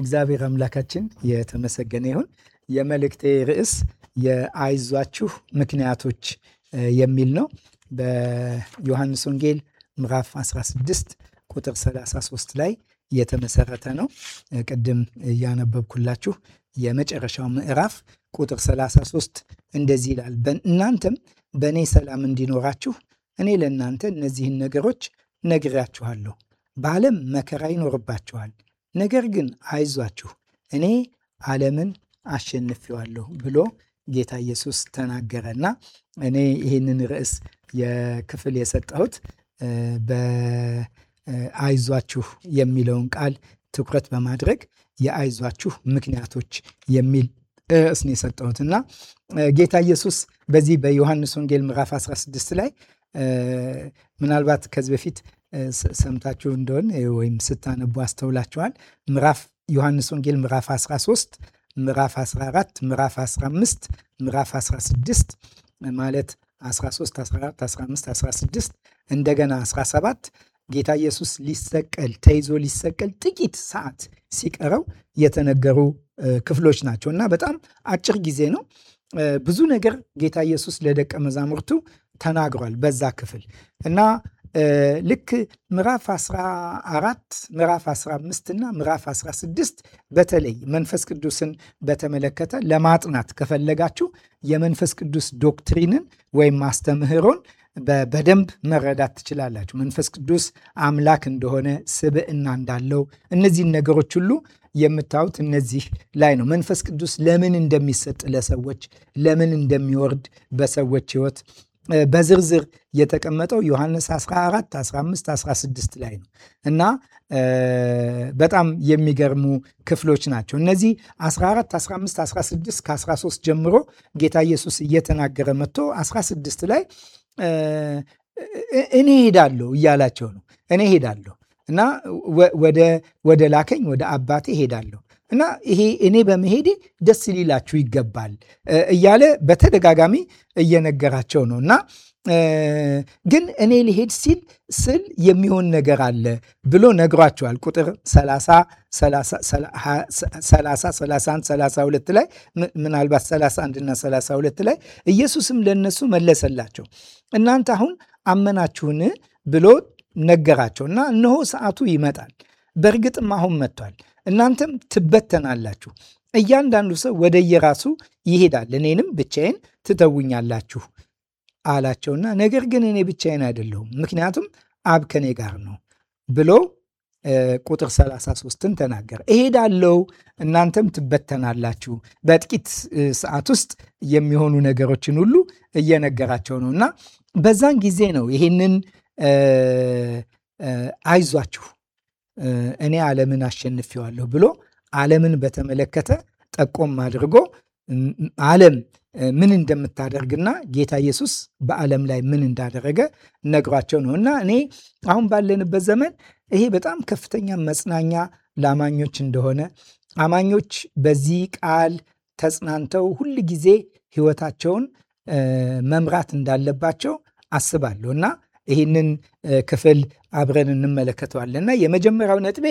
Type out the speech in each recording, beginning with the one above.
እግዚአብሔር አምላካችን የተመሰገነ ይሁን። የመልእክቴ ርዕስ የአይዟችሁ ምክንያቶች የሚል ነው። በዮሐንስ ወንጌል ምዕራፍ 16 ቁጥር 33 ላይ የተመሰረተ ነው። ቅድም እያነበብኩላችሁ የመጨረሻው ምዕራፍ ቁጥር 33 እንደዚህ ይላል፣ እናንተም በእኔ ሰላም እንዲኖራችሁ እኔ ለእናንተ እነዚህን ነገሮች ነግሬያችኋለሁ። በዓለም መከራ ይኖርባችኋል ነገር ግን አይዟችሁ እኔ ዓለምን አሸንፌዋለሁ ብሎ ጌታ ኢየሱስ ተናገረና እኔ ይህንን ርዕስ የክፍል የሰጠሁት በአይዟችሁ የሚለውን ቃል ትኩረት በማድረግ የአይዟችሁ ምክንያቶች የሚል ርዕስ ነው የሰጠሁት እና ጌታ ኢየሱስ በዚህ በዮሐንስ ወንጌል ምዕራፍ 16 ላይ ምናልባት ከዚህ በፊት ሰምታችሁ እንደሆን ወይም ስታነቡ አስተውላችኋል። ምዕራፍ ዮሐንስ ወንጌል ምዕራፍ 13 ምዕራፍ 14 ምዕራፍ 15 ምዕራፍ 16 ማለት 13 14 15 16 እንደገና 17 ጌታ ኢየሱስ ሊሰቀል ተይዞ ሊሰቀል ጥቂት ሰዓት ሲቀረው የተነገሩ ክፍሎች ናቸው እና በጣም አጭር ጊዜ ነው። ብዙ ነገር ጌታ ኢየሱስ ለደቀ መዛሙርቱ ተናግሯል በዛ ክፍል እና ልክ ምዕራፍ 14 ምዕራፍ 15 እና ምዕራፍ 16 በተለይ መንፈስ ቅዱስን በተመለከተ ለማጥናት ከፈለጋችሁ የመንፈስ ቅዱስ ዶክትሪንን ወይም አስተምህሮን በደንብ መረዳት ትችላላችሁ። መንፈስ ቅዱስ አምላክ እንደሆነ፣ ስብዕና እንዳለው እነዚህን ነገሮች ሁሉ የምታዩት እነዚህ ላይ ነው። መንፈስ ቅዱስ ለምን እንደሚሰጥ ለሰዎች ለምን እንደሚወርድ በሰዎች ህይወት በዝርዝር የተቀመጠው ዮሐንስ 14፣ 15፣ 16 ላይ ነው እና በጣም የሚገርሙ ክፍሎች ናቸው እነዚህ 14፣ 15፣ 16 ከ13 ጀምሮ ጌታ ኢየሱስ እየተናገረ መጥቶ 16 ላይ እኔ ሄዳለሁ እያላቸው ነው። እኔ ሄዳለሁ እና ወደ ላከኝ ወደ አባቴ ሄዳለሁ እና ይሄ እኔ በመሄዴ ደስ ሊላችሁ ይገባል እያለ በተደጋጋሚ እየነገራቸው ነው እና ግን እኔ ሊሄድ ሲል ስል የሚሆን ነገር አለ ብሎ ነግሯቸዋል። ቁጥር 32 ላይ ምናልባት 31 እና 32 ላይ ኢየሱስም ለእነሱ መለሰላቸው እናንተ አሁን አመናችሁን ብሎ ነገራቸው እና እነሆ ሰዓቱ ይመጣል፣ በእርግጥም አሁን መጥቷል እናንተም ትበተናላችሁ። እያንዳንዱ ሰው የራሱ ይሄዳል፣ እኔንም ብቻዬን ትተውኛላችሁ አላቸውና ነገር ግን እኔ ብቻዬን አይደለሁም፣ ምክንያቱም አብ ከኔ ጋር ነው ብሎ ቁጥር 33ን ተናገረ። እሄዳለሁ እናንተም ትበተናላችሁ። በጥቂት ሰዓት ውስጥ የሚሆኑ ነገሮችን ሁሉ እየነገራቸው ነው እና በዛን ጊዜ ነው ይህንን አይዟችሁ እኔ ዓለምን አሸንፌዋለሁ ብሎ ዓለምን በተመለከተ ጠቆም አድርጎ ዓለም ምን እንደምታደርግና ጌታ ኢየሱስ በዓለም ላይ ምን እንዳደረገ ነግሯቸው ነው። እና እኔ አሁን ባለንበት ዘመን ይሄ በጣም ከፍተኛ መጽናኛ ለአማኞች እንደሆነ አማኞች በዚህ ቃል ተጽናንተው ሁል ጊዜ ሕይወታቸውን መምራት እንዳለባቸው አስባለሁ እና ይህንን ክፍል አብረን እንመለከተዋለን እና የመጀመሪያው ነጥቤ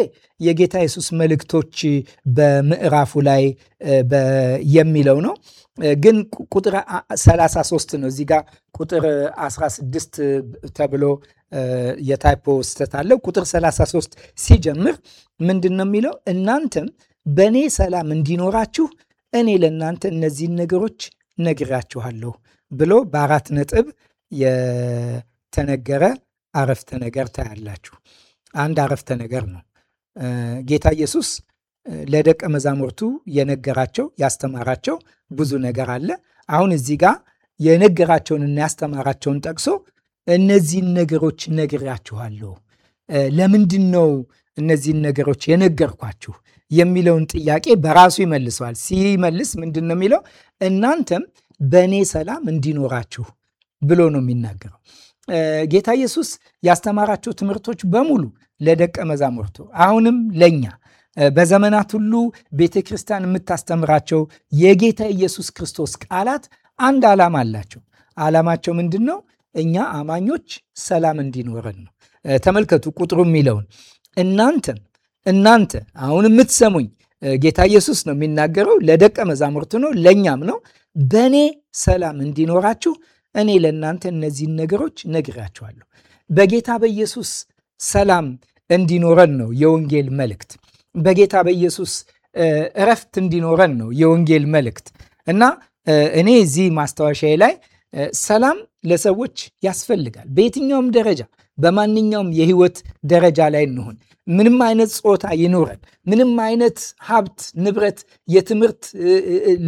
የጌታ የሱስ መልእክቶች በምዕራፉ ላይ የሚለው ነው። ግን ቁጥር 33 ነው። እዚህ ጋር ቁጥር 16 ተብሎ የታይፖ ስህተት አለው። ቁጥር 33 ሲጀምር ምንድን ነው የሚለው? እናንተም በእኔ ሰላም እንዲኖራችሁ እኔ ለእናንተ እነዚህን ነገሮች ነግራችኋለሁ ብሎ በአራት ነጥብ ተነገረ አረፍተ ነገር ታያላችሁ። አንድ አረፍተ ነገር ነው ጌታ ኢየሱስ ለደቀ መዛሙርቱ የነገራቸው ያስተማራቸው ብዙ ነገር አለ። አሁን እዚህ ጋር የነገራቸውንና ያስተማራቸውን ጠቅሶ እነዚህን ነገሮች ነግሬያችኋለሁ፣ ለምንድን ነው እነዚህን ነገሮች የነገርኳችሁ የሚለውን ጥያቄ በራሱ ይመልሰዋል። ሲመልስ ምንድን ነው የሚለው? እናንተም በእኔ ሰላም እንዲኖራችሁ ብሎ ነው የሚናገረው። ጌታ ኢየሱስ ያስተማራቸው ትምህርቶች በሙሉ ለደቀ መዛሙርቱ አሁንም ለእኛ በዘመናት ሁሉ ቤተ ክርስቲያን የምታስተምራቸው የጌታ ኢየሱስ ክርስቶስ ቃላት አንድ ዓላማ አላቸው። ዓላማቸው ምንድን ነው? እኛ አማኞች ሰላም እንዲኖረን ነው። ተመልከቱ ቁጥሩ የሚለውን እናንተም እናንተ አሁን የምትሰሙኝ ጌታ ኢየሱስ ነው የሚናገረው፣ ለደቀ መዛሙርቱ ነው፣ ለእኛም ነው። በእኔ ሰላም እንዲኖራችሁ እኔ ለእናንተ እነዚህን ነገሮች ነግራችኋለሁ። በጌታ በኢየሱስ ሰላም እንዲኖረን ነው የወንጌል መልእክት። በጌታ በኢየሱስ እረፍት እንዲኖረን ነው የወንጌል መልእክት እና እኔ እዚህ ማስታወሻዬ ላይ ሰላም ለሰዎች ያስፈልጋል። በየትኛውም ደረጃ በማንኛውም የህይወት ደረጃ ላይ እንሆን፣ ምንም አይነት ጾታ ይኖረን፣ ምንም አይነት ሀብት ንብረት፣ የትምህርት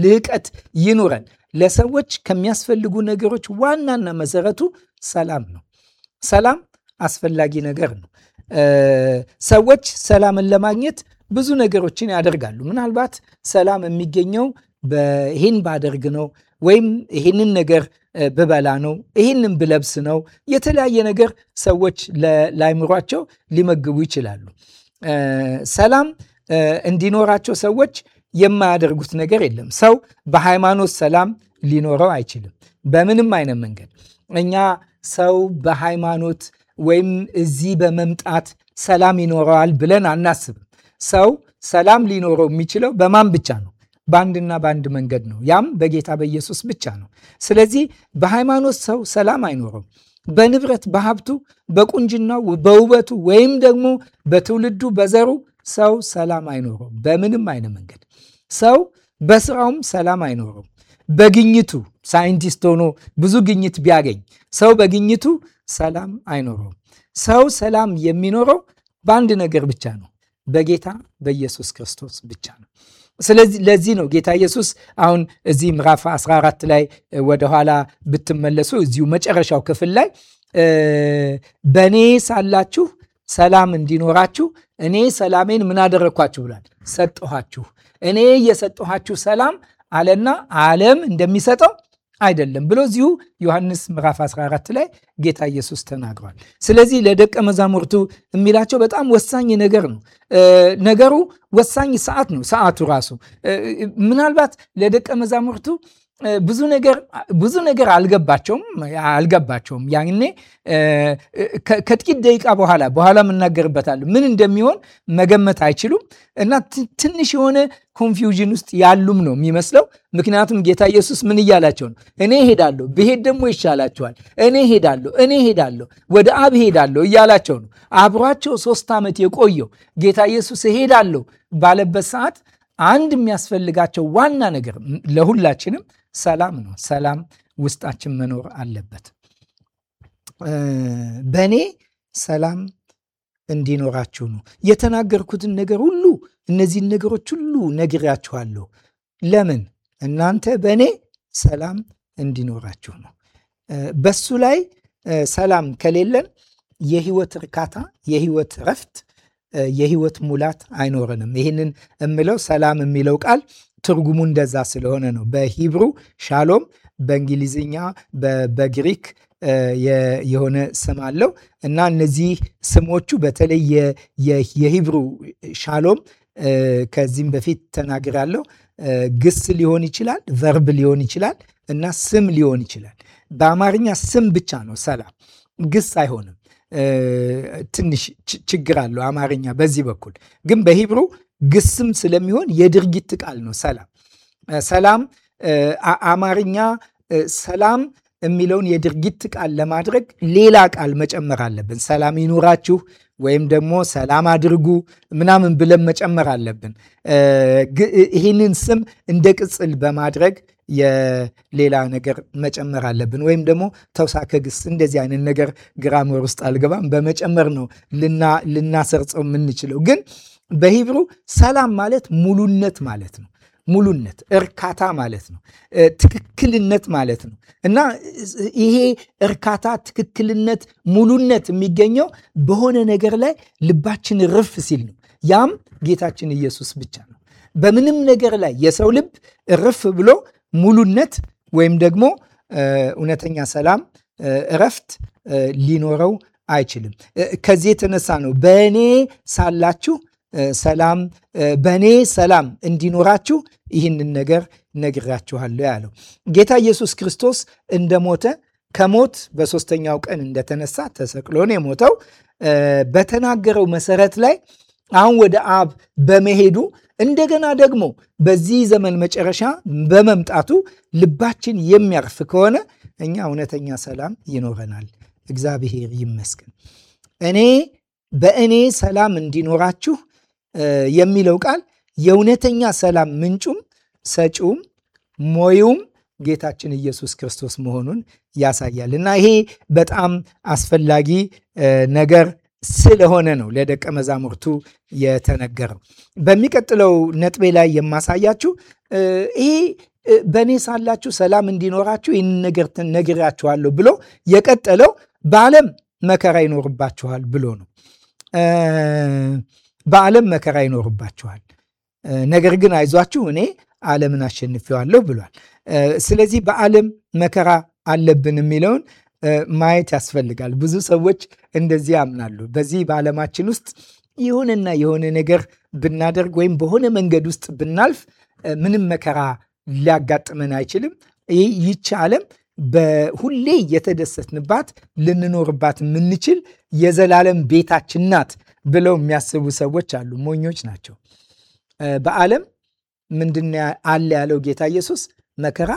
ልህቀት ይኖረን፣ ለሰዎች ከሚያስፈልጉ ነገሮች ዋናና መሰረቱ ሰላም ነው። ሰላም አስፈላጊ ነገር ነው። ሰዎች ሰላምን ለማግኘት ብዙ ነገሮችን ያደርጋሉ። ምናልባት ሰላም የሚገኘው ይህን ባደርግ ነው ወይም ይህንን ነገር ብበላ ነው፣ ይህንን ብለብስ ነው። የተለያየ ነገር ሰዎች ላይምሯቸው ሊመግቡ ይችላሉ። ሰላም እንዲኖራቸው ሰዎች የማያደርጉት ነገር የለም። ሰው በሃይማኖት ሰላም ሊኖረው አይችልም፣ በምንም አይነት መንገድ። እኛ ሰው በሃይማኖት ወይም እዚህ በመምጣት ሰላም ይኖረዋል ብለን አናስብም። ሰው ሰላም ሊኖረው የሚችለው በማን ብቻ ነው? በአንድና በአንድ መንገድ ነው። ያም በጌታ በኢየሱስ ብቻ ነው። ስለዚህ በሃይማኖት ሰው ሰላም አይኖረውም። በንብረት፣ በሀብቱ፣ በቁንጅናው፣ በውበቱ ወይም ደግሞ በትውልዱ፣ በዘሩ ሰው ሰላም አይኖረውም በምንም አይነት መንገድ። ሰው በስራውም ሰላም አይኖረውም። በግኝቱ ሳይንቲስት ሆኖ ብዙ ግኝት ቢያገኝ ሰው በግኝቱ ሰላም አይኖረውም። ሰው ሰላም የሚኖረው በአንድ ነገር ብቻ ነው፣ በጌታ በኢየሱስ ክርስቶስ ብቻ ነው። ስለዚህ ለዚህ ነው ጌታ ኢየሱስ አሁን እዚህ ምዕራፍ 14 ላይ ወደኋላ ብትመለሱ እዚሁ መጨረሻው ክፍል ላይ በእኔ ሳላችሁ ሰላም እንዲኖራችሁ እኔ ሰላሜን ምን አደረግኳችሁ ብሏል? ሰጠኋችሁ። እኔ የሰጠኋችሁ ሰላም አለና ዓለም እንደሚሰጠው አይደለም ብሎ እዚሁ ዮሐንስ ምዕራፍ 14 ላይ ጌታ ኢየሱስ ተናግሯል። ስለዚህ ለደቀ መዛሙርቱ የሚላቸው በጣም ወሳኝ ነገር ነው። ነገሩ ወሳኝ ሰዓት ነው። ሰዓቱ ራሱ ምናልባት ለደቀ መዛሙርቱ ብዙ ነገር ብዙ ነገር አልገባቸውም አልገባቸውም። ያኔ ከጥቂት ደቂቃ በኋላ በኋላ የምናገርበታለሁ ምን እንደሚሆን መገመት አይችሉም እና ትንሽ የሆነ ኮንፊውዥን ውስጥ ያሉም ነው የሚመስለው። ምክንያቱም ጌታ ኢየሱስ ምን እያላቸው ነው? እኔ ሄዳለሁ፣ ብሄድ ደግሞ ይሻላቸዋል። እኔ ሄዳለሁ፣ እኔ ሄዳለሁ፣ ወደ አብ ሄዳለሁ እያላቸው ነው። አብሯቸው ሶስት ዓመት የቆየው ጌታ ኢየሱስ ሄዳለሁ ባለበት ሰዓት አንድ የሚያስፈልጋቸው ዋና ነገር ለሁላችንም ሰላም ነው። ሰላም ውስጣችን መኖር አለበት። በእኔ ሰላም እንዲኖራችሁ ነው። የተናገርኩትን ነገር ሁሉ እነዚህን ነገሮች ሁሉ ነግሪያችኋለሁ። ለምን? እናንተ በእኔ ሰላም እንዲኖራችሁ ነው። በሱ ላይ ሰላም ከሌለን የህይወት እርካታ፣ የህይወት ረፍት፣ የህይወት ሙላት አይኖረንም። ይህንን እምለው ሰላም የሚለው ቃል ትርጉሙ እንደዛ ስለሆነ ነው። በሂብሩ ሻሎም፣ በእንግሊዝኛ በግሪክ የሆነ ስም አለው እና እነዚህ ስሞቹ በተለይ የሂብሩ ሻሎም ከዚህም በፊት ተናግራለሁ። ግስ ሊሆን ይችላል፣ ቨርብ ሊሆን ይችላል እና ስም ሊሆን ይችላል። በአማርኛ ስም ብቻ ነው ሰላም፣ ግስ አይሆንም። ትንሽ ችግር አለው አማርኛ በዚህ በኩል ግን በሂብሩ ግስም ስለሚሆን የድርጊት ቃል ነው። ሰላም ሰላም አማርኛ ሰላም የሚለውን የድርጊት ቃል ለማድረግ ሌላ ቃል መጨመር አለብን። ሰላም ይኑራችሁ ወይም ደግሞ ሰላም አድርጉ ምናምን ብለን መጨመር አለብን። ይህንን ስም እንደ ቅጽል በማድረግ የሌላ ነገር መጨመር አለብን። ወይም ደግሞ ተውሳከ ግስ እንደዚህ አይነት ነገር ግራመር ውስጥ አልገባም። በመጨመር ነው ልናሰርጸው የምንችለው ግን በሂብሩ ሰላም ማለት ሙሉነት ማለት ነው። ሙሉነት፣ እርካታ ማለት ነው። ትክክልነት ማለት ነው። እና ይሄ እርካታ፣ ትክክልነት፣ ሙሉነት የሚገኘው በሆነ ነገር ላይ ልባችን ርፍ ሲል ነው። ያም ጌታችን ኢየሱስ ብቻ ነው። በምንም ነገር ላይ የሰው ልብ ርፍ ብሎ ሙሉነት ወይም ደግሞ እውነተኛ ሰላም፣ እረፍት ሊኖረው አይችልም። ከዚህ የተነሳ ነው በእኔ ሳላችሁ ሰላም በእኔ ሰላም እንዲኖራችሁ ይህንን ነገር ነግራችኋለሁ ያለው ጌታ ኢየሱስ ክርስቶስ እንደሞተ ከሞት በሶስተኛው ቀን እንደተነሳ ተሰቅሎ ነው የሞተው በተናገረው መሰረት ላይ አሁን ወደ አብ በመሄዱ እንደገና ደግሞ በዚህ ዘመን መጨረሻ በመምጣቱ ልባችን የሚያርፍ ከሆነ እኛ እውነተኛ ሰላም ይኖረናል። እግዚአብሔር ይመስገን። እኔ በእኔ ሰላም እንዲኖራችሁ የሚለው ቃል የእውነተኛ ሰላም ምንጩም ሰጪውም ሞዩም ጌታችን ኢየሱስ ክርስቶስ መሆኑን ያሳያል እና ይሄ በጣም አስፈላጊ ነገር ስለሆነ ነው ለደቀ መዛሙርቱ የተነገረው። በሚቀጥለው ነጥቤ ላይ የማሳያችሁ ይሄ በእኔ ሳላችሁ ሰላም እንዲኖራችሁ ይህን ነገር ነግራችኋለሁ ብሎ የቀጠለው በዓለም መከራ ይኖርባችኋል ብሎ ነው። በዓለም መከራ ይኖርባችኋል፣ ነገር ግን አይዟችሁ እኔ ዓለምን አሸንፌዋለሁ ብሏል። ስለዚህ በዓለም መከራ አለብን የሚለውን ማየት ያስፈልጋል። ብዙ ሰዎች እንደዚህ ያምናሉ። በዚህ በዓለማችን ውስጥ የሆነና የሆነ ነገር ብናደርግ ወይም በሆነ መንገድ ውስጥ ብናልፍ ምንም መከራ ሊያጋጥመን አይችልም። ይቺ ዓለም በሁሌ እየተደሰትንባት ልንኖርባት የምንችል የዘላለም ቤታችን ናት ብለው የሚያስቡ ሰዎች አሉ። ሞኞች ናቸው። በዓለም ምንድን አለ ያለው ጌታ ኢየሱስ መከራ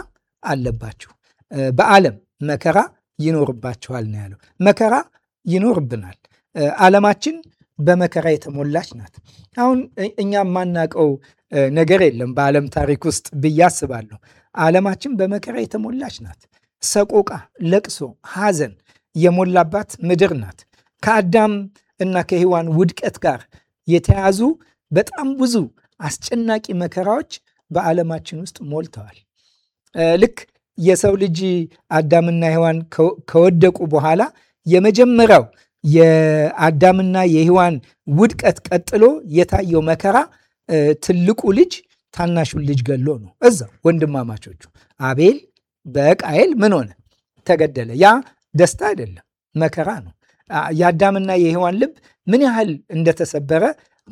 አለባችሁ፣ በዓለም መከራ ይኖርባችኋል ነው ያለው። መከራ ይኖርብናል። ዓለማችን በመከራ የተሞላች ናት። አሁን እኛ የማናውቀው ነገር የለም በዓለም ታሪክ ውስጥ ብዬ አስባለሁ። ዓለማችን በመከራ የተሞላች ናት። ሰቆቃ፣ ለቅሶ፣ ሐዘን የሞላባት ምድር ናት። ከአዳም እና ከሔዋን ውድቀት ጋር የተያዙ በጣም ብዙ አስጨናቂ መከራዎች በዓለማችን ውስጥ ሞልተዋል። ልክ የሰው ልጅ አዳምና ሔዋን ከወደቁ በኋላ የመጀመሪያው የአዳምና የሔዋን ውድቀት ቀጥሎ የታየው መከራ ትልቁ ልጅ ታናሹን ልጅ ገሎ ነው። እዛ ወንድማማቾቹ አቤል በቃይል ምን ሆነ? ተገደለ። ያ ደስታ አይደለም፣ መከራ ነው። የአዳምና የሔዋን ልብ ምን ያህል እንደተሰበረ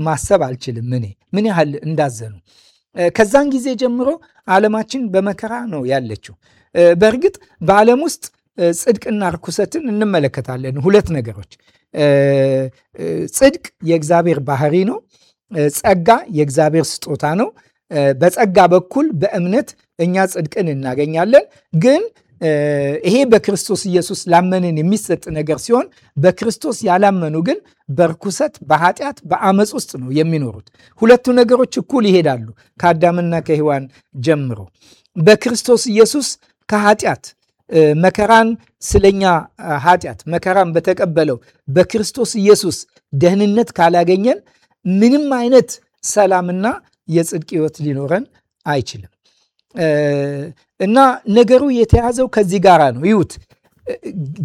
ማሰብ አልችልም። እኔ ምን ያህል እንዳዘኑ። ከዛን ጊዜ ጀምሮ ዓለማችን በመከራ ነው ያለችው። በእርግጥ በዓለም ውስጥ ጽድቅና ርኩሰትን እንመለከታለን። ሁለት ነገሮች፣ ጽድቅ የእግዚአብሔር ባህሪ ነው። ጸጋ የእግዚአብሔር ስጦታ ነው። በጸጋ በኩል በእምነት እኛ ጽድቅን እናገኛለን። ግን ይሄ በክርስቶስ ኢየሱስ ላመንን የሚሰጥ ነገር ሲሆን በክርስቶስ ያላመኑ ግን በርኩሰት፣ በኃጢአት፣ በአመፅ ውስጥ ነው የሚኖሩት። ሁለቱ ነገሮች እኩል ይሄዳሉ ከአዳምና ከሔዋን ጀምሮ በክርስቶስ ኢየሱስ ከኃጢአት መከራን ስለኛ ኃጢአት መከራን በተቀበለው በክርስቶስ ኢየሱስ ደህንነት ካላገኘን ምንም አይነት ሰላምና የጽድቅ ህይወት ሊኖረን አይችልም። እና ነገሩ የተያዘው ከዚህ ጋራ ነው። ይዩት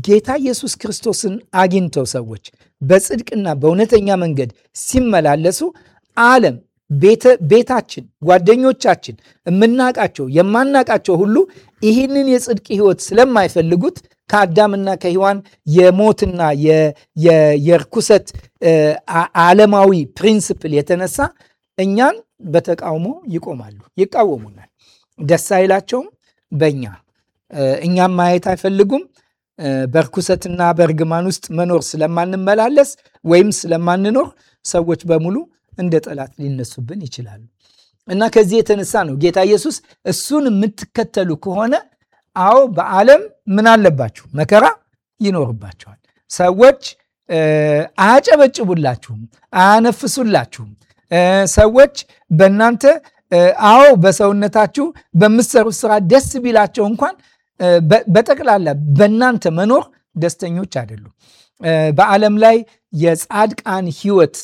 ጌታ ኢየሱስ ክርስቶስን አግኝተው ሰዎች በጽድቅና በእውነተኛ መንገድ ሲመላለሱ ዓለም፣ ቤታችን፣ ጓደኞቻችን፣ የምናቃቸው የማናቃቸው ሁሉ ይህንን የጽድቅ ህይወት ስለማይፈልጉት ከአዳምና ከሔዋን የሞትና የርኩሰት ዓለማዊ ፕሪንስፕል የተነሳ እኛን በተቃውሞ ይቆማሉ፣ ይቃወሙናል። ደስ አይላቸውም በእኛ እኛም ማየት አይፈልጉም። በርኩሰትና በእርግማን ውስጥ መኖር ስለማንመላለስ ወይም ስለማንኖር ሰዎች በሙሉ እንደ ጠላት ሊነሱብን ይችላሉ እና ከዚህ የተነሳ ነው ጌታ ኢየሱስ እሱን የምትከተሉ ከሆነ አዎ በዓለም ምን አለባችሁ? መከራ ይኖርባቸዋል። ሰዎች አያጨበጭቡላችሁም፣ አያነፍሱላችሁም ሰዎች በእናንተ አዎ በሰውነታችሁ በምትሰሩት ስራ ደስ ቢላቸው እንኳን በጠቅላላ በእናንተ መኖር ደስተኞች አይደሉም። በዓለም ላይ የጻድቃን ህይወት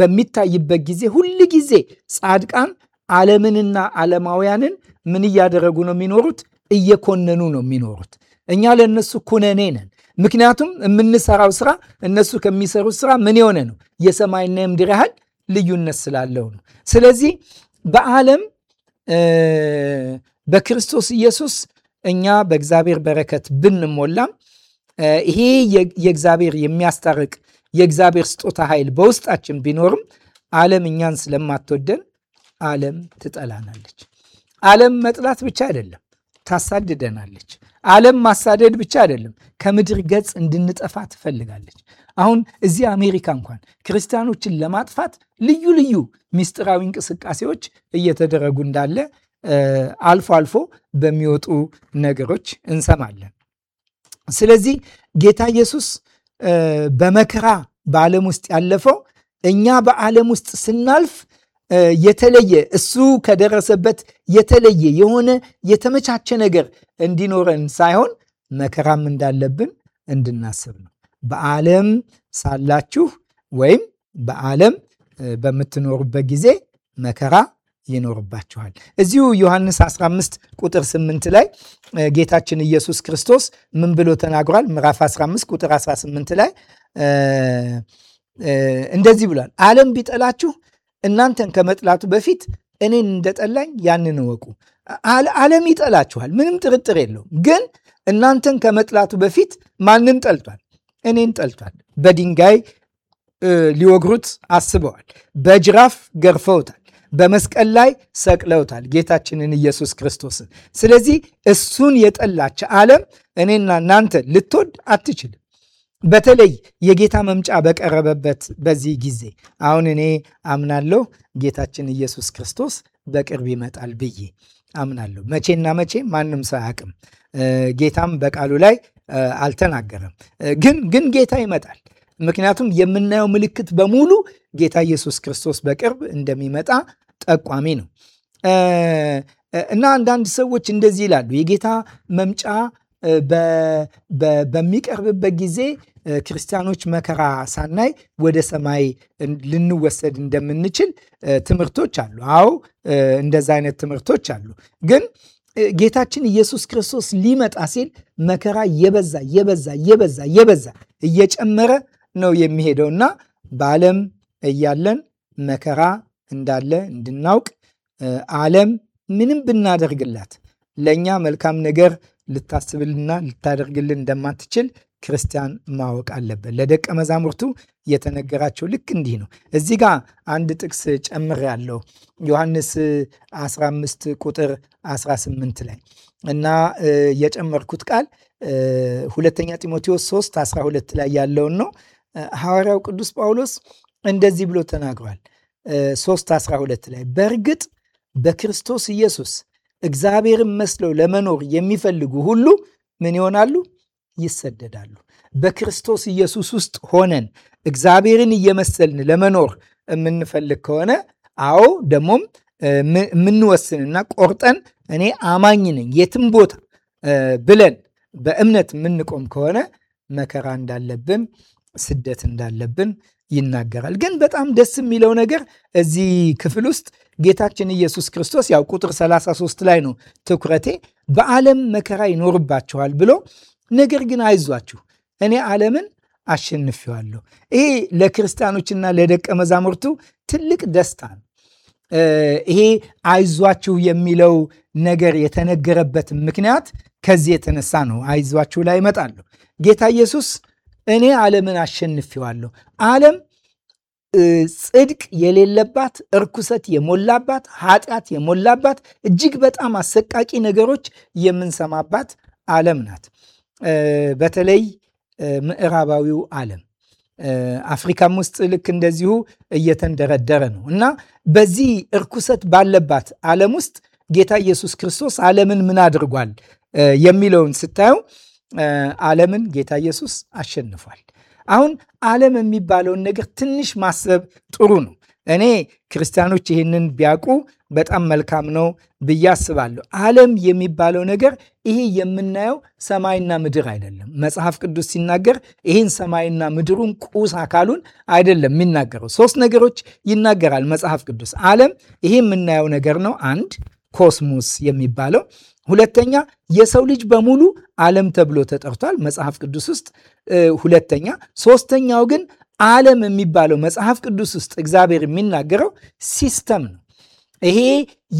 በሚታይበት ጊዜ ሁል ጊዜ ጻድቃን ዓለምንና ዓለማውያንን ምን እያደረጉ ነው የሚኖሩት? እየኮነኑ ነው የሚኖሩት። እኛ ለእነሱ ኩነኔ ነን። ምክንያቱም የምንሰራው ስራ እነሱ ከሚሰሩት ስራ ምን የሆነ ነው? የሰማይና የምድር ያህል ልዩነት ስላለው ነው። ስለዚህ በዓለም በክርስቶስ ኢየሱስ እኛ በእግዚአብሔር በረከት ብንሞላም ይሄ የእግዚአብሔር የሚያስታርቅ የእግዚአብሔር ስጦታ ኃይል በውስጣችን ቢኖርም ዓለም እኛን ስለማትወደን ዓለም ትጠላናለች። ዓለም መጥላት ብቻ አይደለም፣ ታሳድደናለች። ዓለም ማሳደድ ብቻ አይደለም፣ ከምድር ገጽ እንድንጠፋ ትፈልጋለች። አሁን እዚህ አሜሪካ እንኳን ክርስቲያኖችን ለማጥፋት ልዩ ልዩ ምስጢራዊ እንቅስቃሴዎች እየተደረጉ እንዳለ አልፎ አልፎ በሚወጡ ነገሮች እንሰማለን። ስለዚህ ጌታ ኢየሱስ በመከራ በዓለም ውስጥ ያለፈው እኛ በዓለም ውስጥ ስናልፍ የተለየ እሱ ከደረሰበት የተለየ የሆነ የተመቻቸ ነገር እንዲኖረን ሳይሆን መከራም እንዳለብን እንድናስብ ነው። በዓለም ሳላችሁ ወይም በዓለም በምትኖሩበት ጊዜ መከራ ይኖርባችኋል። እዚሁ ዮሐንስ 15 ቁጥር 8 ላይ ጌታችን ኢየሱስ ክርስቶስ ምን ብሎ ተናግሯል? ምዕራፍ 15 ቁጥር 18 ላይ እንደዚህ ብሏል፣ ዓለም ቢጠላችሁ እናንተን ከመጥላቱ በፊት እኔን እንደጠላኝ ያንን እወቁ። ዓለም ይጠላችኋል፣ ምንም ጥርጥር የለውም። ግን እናንተን ከመጥላቱ በፊት ማንን ጠልቷል? እኔን ጠልቷል። በድንጋይ ሊወግሩት አስበዋል። በጅራፍ ገርፈውታል። በመስቀል ላይ ሰቅለውታል ጌታችንን ኢየሱስ ክርስቶስን። ስለዚህ እሱን የጠላች ዓለም እኔና እናንተ ልትወድ አትችልም። በተለይ የጌታ መምጫ በቀረበበት በዚህ ጊዜ አሁን እኔ አምናለሁ ጌታችን ኢየሱስ ክርስቶስ በቅርብ ይመጣል ብዬ አምናለሁ። መቼና መቼ ማንም ሰው አያውቅም። ጌታም በቃሉ ላይ አልተናገረም። ግን ግን ጌታ ይመጣል። ምክንያቱም የምናየው ምልክት በሙሉ ጌታ ኢየሱስ ክርስቶስ በቅርብ እንደሚመጣ ጠቋሚ ነው እና አንዳንድ ሰዎች እንደዚህ ይላሉ የጌታ መምጫ በሚቀርብበት ጊዜ ክርስቲያኖች መከራ ሳናይ ወደ ሰማይ ልንወሰድ እንደምንችል ትምህርቶች አሉ። አዎ እንደዛ አይነት ትምህርቶች አሉ። ግን ጌታችን ኢየሱስ ክርስቶስ ሊመጣ ሲል መከራ የበዛ የበዛ የበዛ የበዛ እየጨመረ ነው የሚሄደው እና በዓለም እያለን መከራ እንዳለ እንድናውቅ ዓለም ምንም ብናደርግላት ለእኛ መልካም ነገር ልታስብልና ልታደርግልን እንደማትችል ክርስቲያን ማወቅ አለበት። ለደቀ መዛሙርቱ የተነገራቸው ልክ እንዲህ ነው። እዚህ ጋ አንድ ጥቅስ ጨምር ያለው ዮሐንስ 15 ቁጥር 18 ላይ እና የጨመርኩት ቃል ሁለተኛ ጢሞቴዎስ 3 12 ላይ ያለውን ነው። ሐዋርያው ቅዱስ ጳውሎስ እንደዚህ ብሎ ተናግሯል። 3 12 ላይ በእርግጥ በክርስቶስ ኢየሱስ እግዚአብሔርን መስለው ለመኖር የሚፈልጉ ሁሉ ምን ይሆናሉ? ይሰደዳሉ። በክርስቶስ ኢየሱስ ውስጥ ሆነን እግዚአብሔርን እየመሰልን ለመኖር የምንፈልግ ከሆነ አዎ፣ ደግሞም የምንወስንና ቆርጠን እኔ አማኝ ነኝ የትም ቦታ ብለን በእምነት የምንቆም ከሆነ መከራ እንዳለብን፣ ስደት እንዳለብን ይናገራል። ግን በጣም ደስ የሚለው ነገር እዚህ ክፍል ውስጥ ጌታችን ኢየሱስ ክርስቶስ ያው ቁጥር 33 ላይ ነው ትኩረቴ፣ በዓለም መከራ ይኖርባችኋል ብሎ ነገር ግን አይዟችሁ እኔ ዓለምን አሸንፌዋለሁ። ይሄ ለክርስቲያኖችና ለደቀ መዛሙርቱ ትልቅ ደስታ ነው። ይሄ አይዟችሁ የሚለው ነገር የተነገረበት ምክንያት ከዚህ የተነሳ ነው። አይዟችሁ ላይ እመጣለሁ። ጌታ ኢየሱስ እኔ ዓለምን አሸንፌዋለሁ ዓለም ጽድቅ የሌለባት እርኩሰት የሞላባት ኃጢአት የሞላባት እጅግ በጣም አሰቃቂ ነገሮች የምንሰማባት ዓለም ናት። በተለይ ምዕራባዊው ዓለም አፍሪካም ውስጥ ልክ እንደዚሁ እየተንደረደረ ነው እና በዚህ እርኩሰት ባለባት ዓለም ውስጥ ጌታ ኢየሱስ ክርስቶስ ዓለምን ምን አድርጓል የሚለውን ስታዩ ዓለምን ጌታ ኢየሱስ አሸንፏል። አሁን ዓለም የሚባለውን ነገር ትንሽ ማሰብ ጥሩ ነው። እኔ ክርስቲያኖች ይህንን ቢያውቁ በጣም መልካም ነው ብዬ አስባለሁ። ዓለም የሚባለው ነገር ይሄ የምናየው ሰማይና ምድር አይደለም። መጽሐፍ ቅዱስ ሲናገር ይህን ሰማይና ምድሩን ቁስ አካሉን አይደለም የሚናገረው። ሶስት ነገሮች ይናገራል መጽሐፍ ቅዱስ። ዓለም ይሄ የምናየው ነገር ነው። አንድ ኮስሞስ የሚባለው ሁለተኛ የሰው ልጅ በሙሉ ዓለም ተብሎ ተጠርቷል መጽሐፍ ቅዱስ ውስጥ ሁለተኛ። ሶስተኛው ግን ዓለም የሚባለው መጽሐፍ ቅዱስ ውስጥ እግዚአብሔር የሚናገረው ሲስተም ነው። ይሄ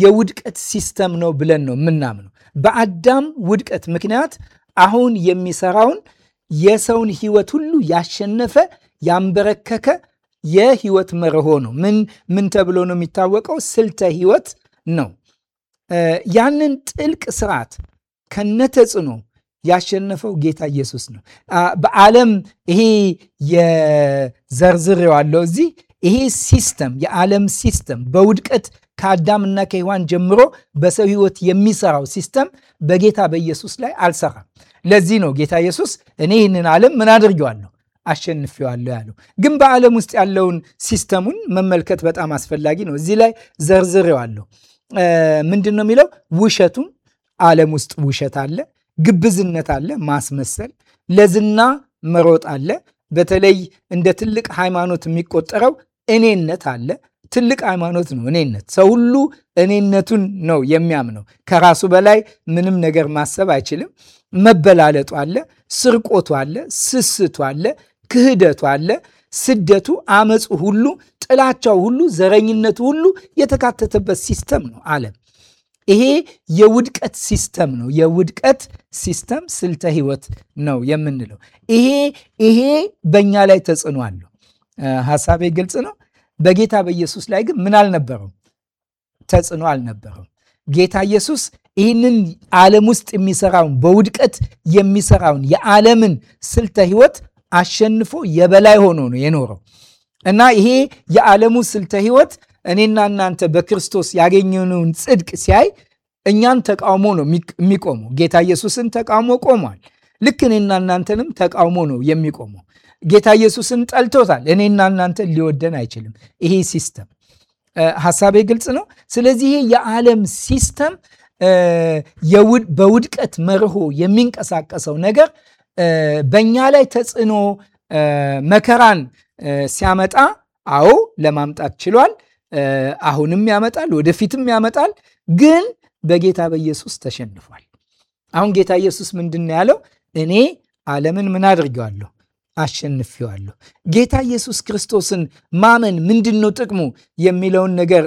የውድቀት ሲስተም ነው ብለን ነው የምናምነው። በአዳም ውድቀት ምክንያት አሁን የሚሰራውን የሰውን ህይወት ሁሉ ያሸነፈ ያንበረከከ የህይወት መርሆ ነው። ምን ምን ተብሎ ነው የሚታወቀው? ስልተ ህይወት ነው። ያንን ጥልቅ ስርዓት ከነተጽዕኖ ያሸነፈው ጌታ ኢየሱስ ነው። በዓለም ይሄ የዘርዝሬዋለሁ እዚህ ይሄ ሲስተም የዓለም ሲስተም በውድቀት ከአዳምና ከሔዋን ጀምሮ በሰው ህይወት የሚሰራው ሲስተም በጌታ በኢየሱስ ላይ አልሰራም። ለዚህ ነው ጌታ ኢየሱስ እኔ ይህንን ዓለም ምን አድርጌዋለሁ አሸንፌዋለሁ ያለው። ግን በዓለም ውስጥ ያለውን ሲስተሙን መመልከት በጣም አስፈላጊ ነው። እዚህ ላይ ዘርዝሬዋለሁ። ምንድን ነው የሚለው? ውሸቱን ዓለም ውስጥ ውሸት አለ፣ ግብዝነት አለ፣ ማስመሰል፣ ለዝና መሮጥ አለ። በተለይ እንደ ትልቅ ሃይማኖት የሚቆጠረው እኔነት አለ። ትልቅ ሃይማኖት ነው እኔነት። ሰው ሁሉ እኔነቱን ነው የሚያምነው። ከራሱ በላይ ምንም ነገር ማሰብ አይችልም። መበላለጡ አለ፣ ስርቆቱ አለ፣ ስስቱ አለ፣ ክህደቱ አለ ስደቱ፣ አመፁ ሁሉ፣ ጥላቻው ሁሉ፣ ዘረኝነቱ ሁሉ የተካተተበት ሲስተም ነው ዓለም። ይሄ የውድቀት ሲስተም ነው። የውድቀት ሲስተም ስልተ ህይወት ነው የምንለው። ይሄ ይሄ በእኛ ላይ ተጽዕኖ አለው። ሀሳቤ ግልጽ ነው። በጌታ በኢየሱስ ላይ ግን ምን አልነበረውም? ተጽዕኖ አልነበረውም። ጌታ ኢየሱስ ይህንን ዓለም ውስጥ የሚሰራውን በውድቀት የሚሰራውን የዓለምን ስልተ ህይወት አሸንፎ የበላይ ሆኖ ነው የኖረው እና ይሄ የዓለሙ ስልተ ህይወት እኔና እናንተ በክርስቶስ ያገኘነውን ጽድቅ ሲያይ እኛን ተቃውሞ ነው የሚቆመው። ጌታ ኢየሱስን ተቃውሞ ቆሟል። ልክ እኔና እናንተንም ተቃውሞ ነው የሚቆመው። ጌታ ኢየሱስን ጠልቶታል። እኔና እናንተን ሊወደን አይችልም። ይሄ ሲስተም ሀሳቤ ግልጽ ነው። ስለዚህ ይሄ የዓለም ሲስተም በውድቀት መርሆ የሚንቀሳቀሰው ነገር በእኛ ላይ ተጽዕኖ መከራን ሲያመጣ አዎ ለማምጣት ችሏል። አሁንም ያመጣል፣ ወደፊትም ያመጣል። ግን በጌታ በኢየሱስ ተሸንፏል። አሁን ጌታ ኢየሱስ ምንድን ነው ያለው? እኔ ዓለምን ምን አድርጌዋለሁ? አሸንፌዋለሁ። ጌታ ኢየሱስ ክርስቶስን ማመን ምንድን ነው ጥቅሙ የሚለውን ነገር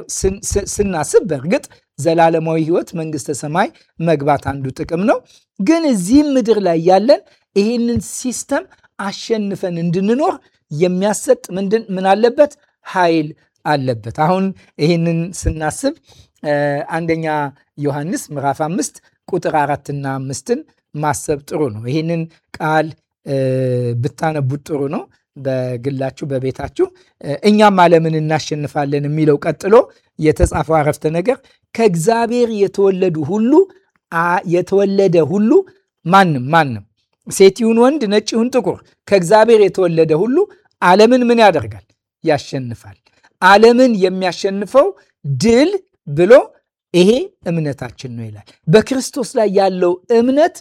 ስናስብ በእርግጥ ዘላለማዊ ሕይወት መንግስተ ሰማይ መግባት አንዱ ጥቅም ነው። ግን እዚህም ምድር ላይ ያለን ይህንን ሲስተም አሸንፈን እንድንኖር የሚያሰጥ ምንድን ምን አለበት? ኃይል አለበት። አሁን ይህንን ስናስብ አንደኛ ዮሐንስ ምዕራፍ አምስት ቁጥር አራትና አምስትን ማሰብ ጥሩ ነው። ይህንን ቃል ብታነቡት ጥሩ ነው። በግላችሁ በቤታችሁ እኛም ዓለምን እናሸንፋለን የሚለው ቀጥሎ የተጻፈው አረፍተ ነገር ከእግዚአብሔር የተወለዱ ሁሉ የተወለደ ሁሉ ማንም ማንም ሴት ይሁን ወንድ፣ ነጭ ይሁን ጥቁር፣ ከእግዚአብሔር የተወለደ ሁሉ ዓለምን ምን ያደርጋል? ያሸንፋል። ዓለምን የሚያሸንፈው ድል ብሎ ይሄ እምነታችን ነው ይላል። በክርስቶስ ላይ ያለው እምነት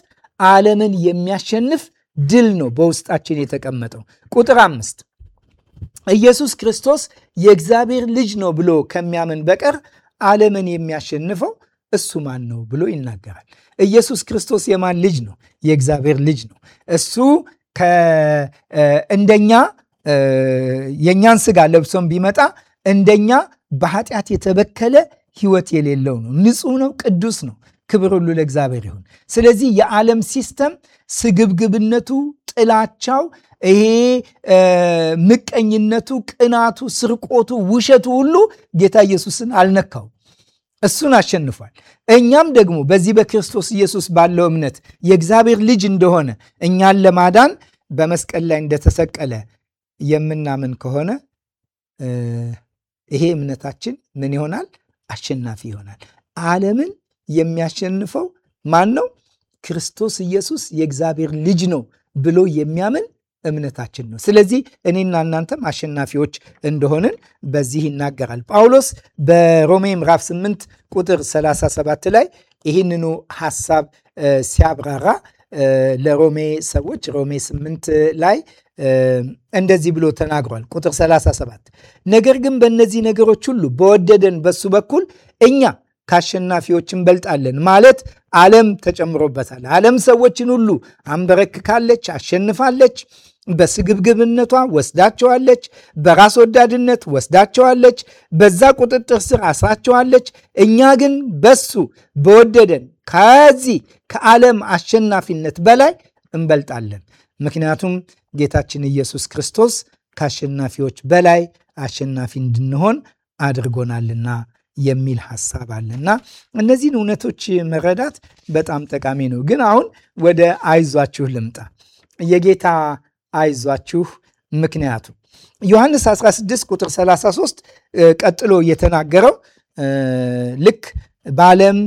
ዓለምን የሚያሸንፍ ድል ነው በውስጣችን የተቀመጠው። ቁጥር አምስት ኢየሱስ ክርስቶስ የእግዚአብሔር ልጅ ነው ብሎ ከሚያምን በቀር ዓለምን የሚያሸንፈው እሱ ማን ነው ብሎ ይናገራል። ኢየሱስ ክርስቶስ የማን ልጅ ነው? የእግዚአብሔር ልጅ ነው። እሱ እንደኛ የእኛን ስጋ ለብሶም ቢመጣ እንደኛ በኃጢአት የተበከለ ህይወት የሌለው ነው። ንጹህ ነው፣ ቅዱስ ነው። ክብር ሁሉ ለእግዚአብሔር ይሁን። ስለዚህ የዓለም ሲስተም ስግብግብነቱ፣ ጥላቻው፣ ይሄ ምቀኝነቱ፣ ቅናቱ፣ ስርቆቱ፣ ውሸቱ ሁሉ ጌታ ኢየሱስን አልነካው። እሱን አሸንፏል። እኛም ደግሞ በዚህ በክርስቶስ ኢየሱስ ባለው እምነት የእግዚአብሔር ልጅ እንደሆነ እኛን ለማዳን በመስቀል ላይ እንደተሰቀለ የምናምን ከሆነ ይሄ እምነታችን ምን ይሆናል? አሸናፊ ይሆናል። ዓለምን የሚያሸንፈው ማን ነው? ክርስቶስ ኢየሱስ የእግዚአብሔር ልጅ ነው ብሎ የሚያምን እምነታችን ነው። ስለዚህ እኔና እናንተም አሸናፊዎች እንደሆንን በዚህ ይናገራል ጳውሎስ በሮሜ ምዕራፍ 8 ቁጥር 37 ላይ ይህንኑ ሐሳብ ሲያብራራ ለሮሜ ሰዎች ሮሜ 8 ላይ እንደዚህ ብሎ ተናግሯል። ቁጥር 37 ነገር ግን በእነዚህ ነገሮች ሁሉ በወደደን በሱ በኩል እኛ ከአሸናፊዎች እንበልጣለን ማለት ዓለም ተጨምሮበታል። ዓለም ሰዎችን ሁሉ አንበረክካለች፣ አሸንፋለች። በስግብግብነቷ ወስዳቸዋለች፣ በራስ ወዳድነት ወስዳቸዋለች፣ በዛ ቁጥጥር ስር አስራቸዋለች። እኛ ግን በሱ በወደደን ከዚህ ከዓለም አሸናፊነት በላይ እንበልጣለን። ምክንያቱም ጌታችን ኢየሱስ ክርስቶስ ከአሸናፊዎች በላይ አሸናፊ እንድንሆን አድርጎናልና የሚል ሀሳብ አለና እነዚህን እውነቶች መረዳት በጣም ጠቃሚ ነው። ግን አሁን ወደ አይዟችሁ ልምጣ የጌታ አይዟችሁ ምክንያቱ ዮሐንስ 16 ቁጥር 33 ቀጥሎ የተናገረው ልክ በዓለም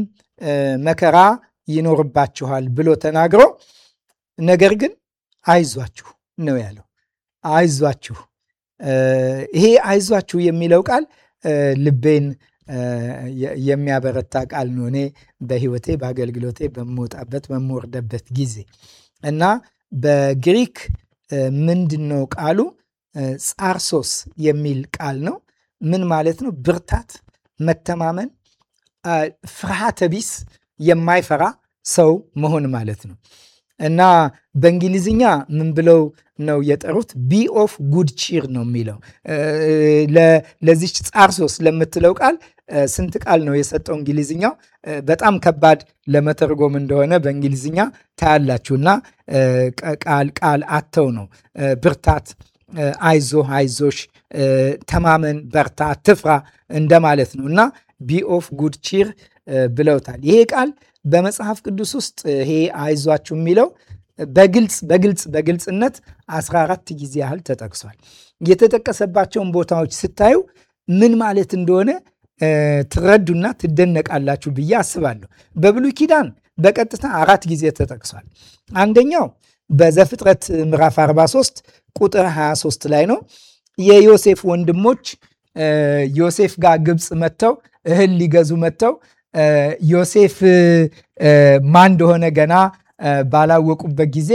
መከራ ይኖርባችኋል ብሎ ተናግሮ ነገር ግን አይዟችሁ ነው ያለው። አይዟችሁ ይሄ አይዟችሁ የሚለው ቃል ልቤን የሚያበረታ ቃል ነው። እኔ በህይወቴ በአገልግሎቴ በምወጣበት በምወርደበት ጊዜ እና በግሪክ ምንድን ነው ቃሉ? ጻርሶስ የሚል ቃል ነው። ምን ማለት ነው? ብርታት፣ መተማመን፣ ፍርሃተ ቢስ የማይፈራ ሰው መሆን ማለት ነው። እና በእንግሊዝኛ ምን ብለው ነው የጠሩት? ቢ ኦፍ ጉድ ቺር ነው የሚለው ለዚች ጻርሶስ ለምትለው ቃል ስንት ቃል ነው የሰጠው እንግሊዝኛው? በጣም ከባድ ለመተርጎም እንደሆነ በእንግሊዝኛ ታያላችሁ። እና ቃል ቃል አተው ነው ብርታት፣ አይዞ አይዞሽ፣ ተማመን፣ በርታ፣ ትፍራ እንደማለት ነው እና ቢ ኦፍ ጉድ ቺር ብለውታል። ይሄ ቃል በመጽሐፍ ቅዱስ ውስጥ ይሄ አይዟችሁ የሚለው በግልጽ በግልጽ በግልጽነት 14 ጊዜ ያህል ተጠቅሷል። የተጠቀሰባቸውን ቦታዎች ስታዩ ምን ማለት እንደሆነ ትረዱና ትደነቃላችሁ ብዬ አስባለሁ። በብሉይ ኪዳን በቀጥታ አራት ጊዜ ተጠቅሷል። አንደኛው በዘፍጥረት ምዕራፍ 43 ቁጥር 23 ላይ ነው። የዮሴፍ ወንድሞች ዮሴፍ ጋር ግብፅ መጥተው እህል ሊገዙ መጥተው ዮሴፍ ማን እንደሆነ ገና ባላወቁበት ጊዜ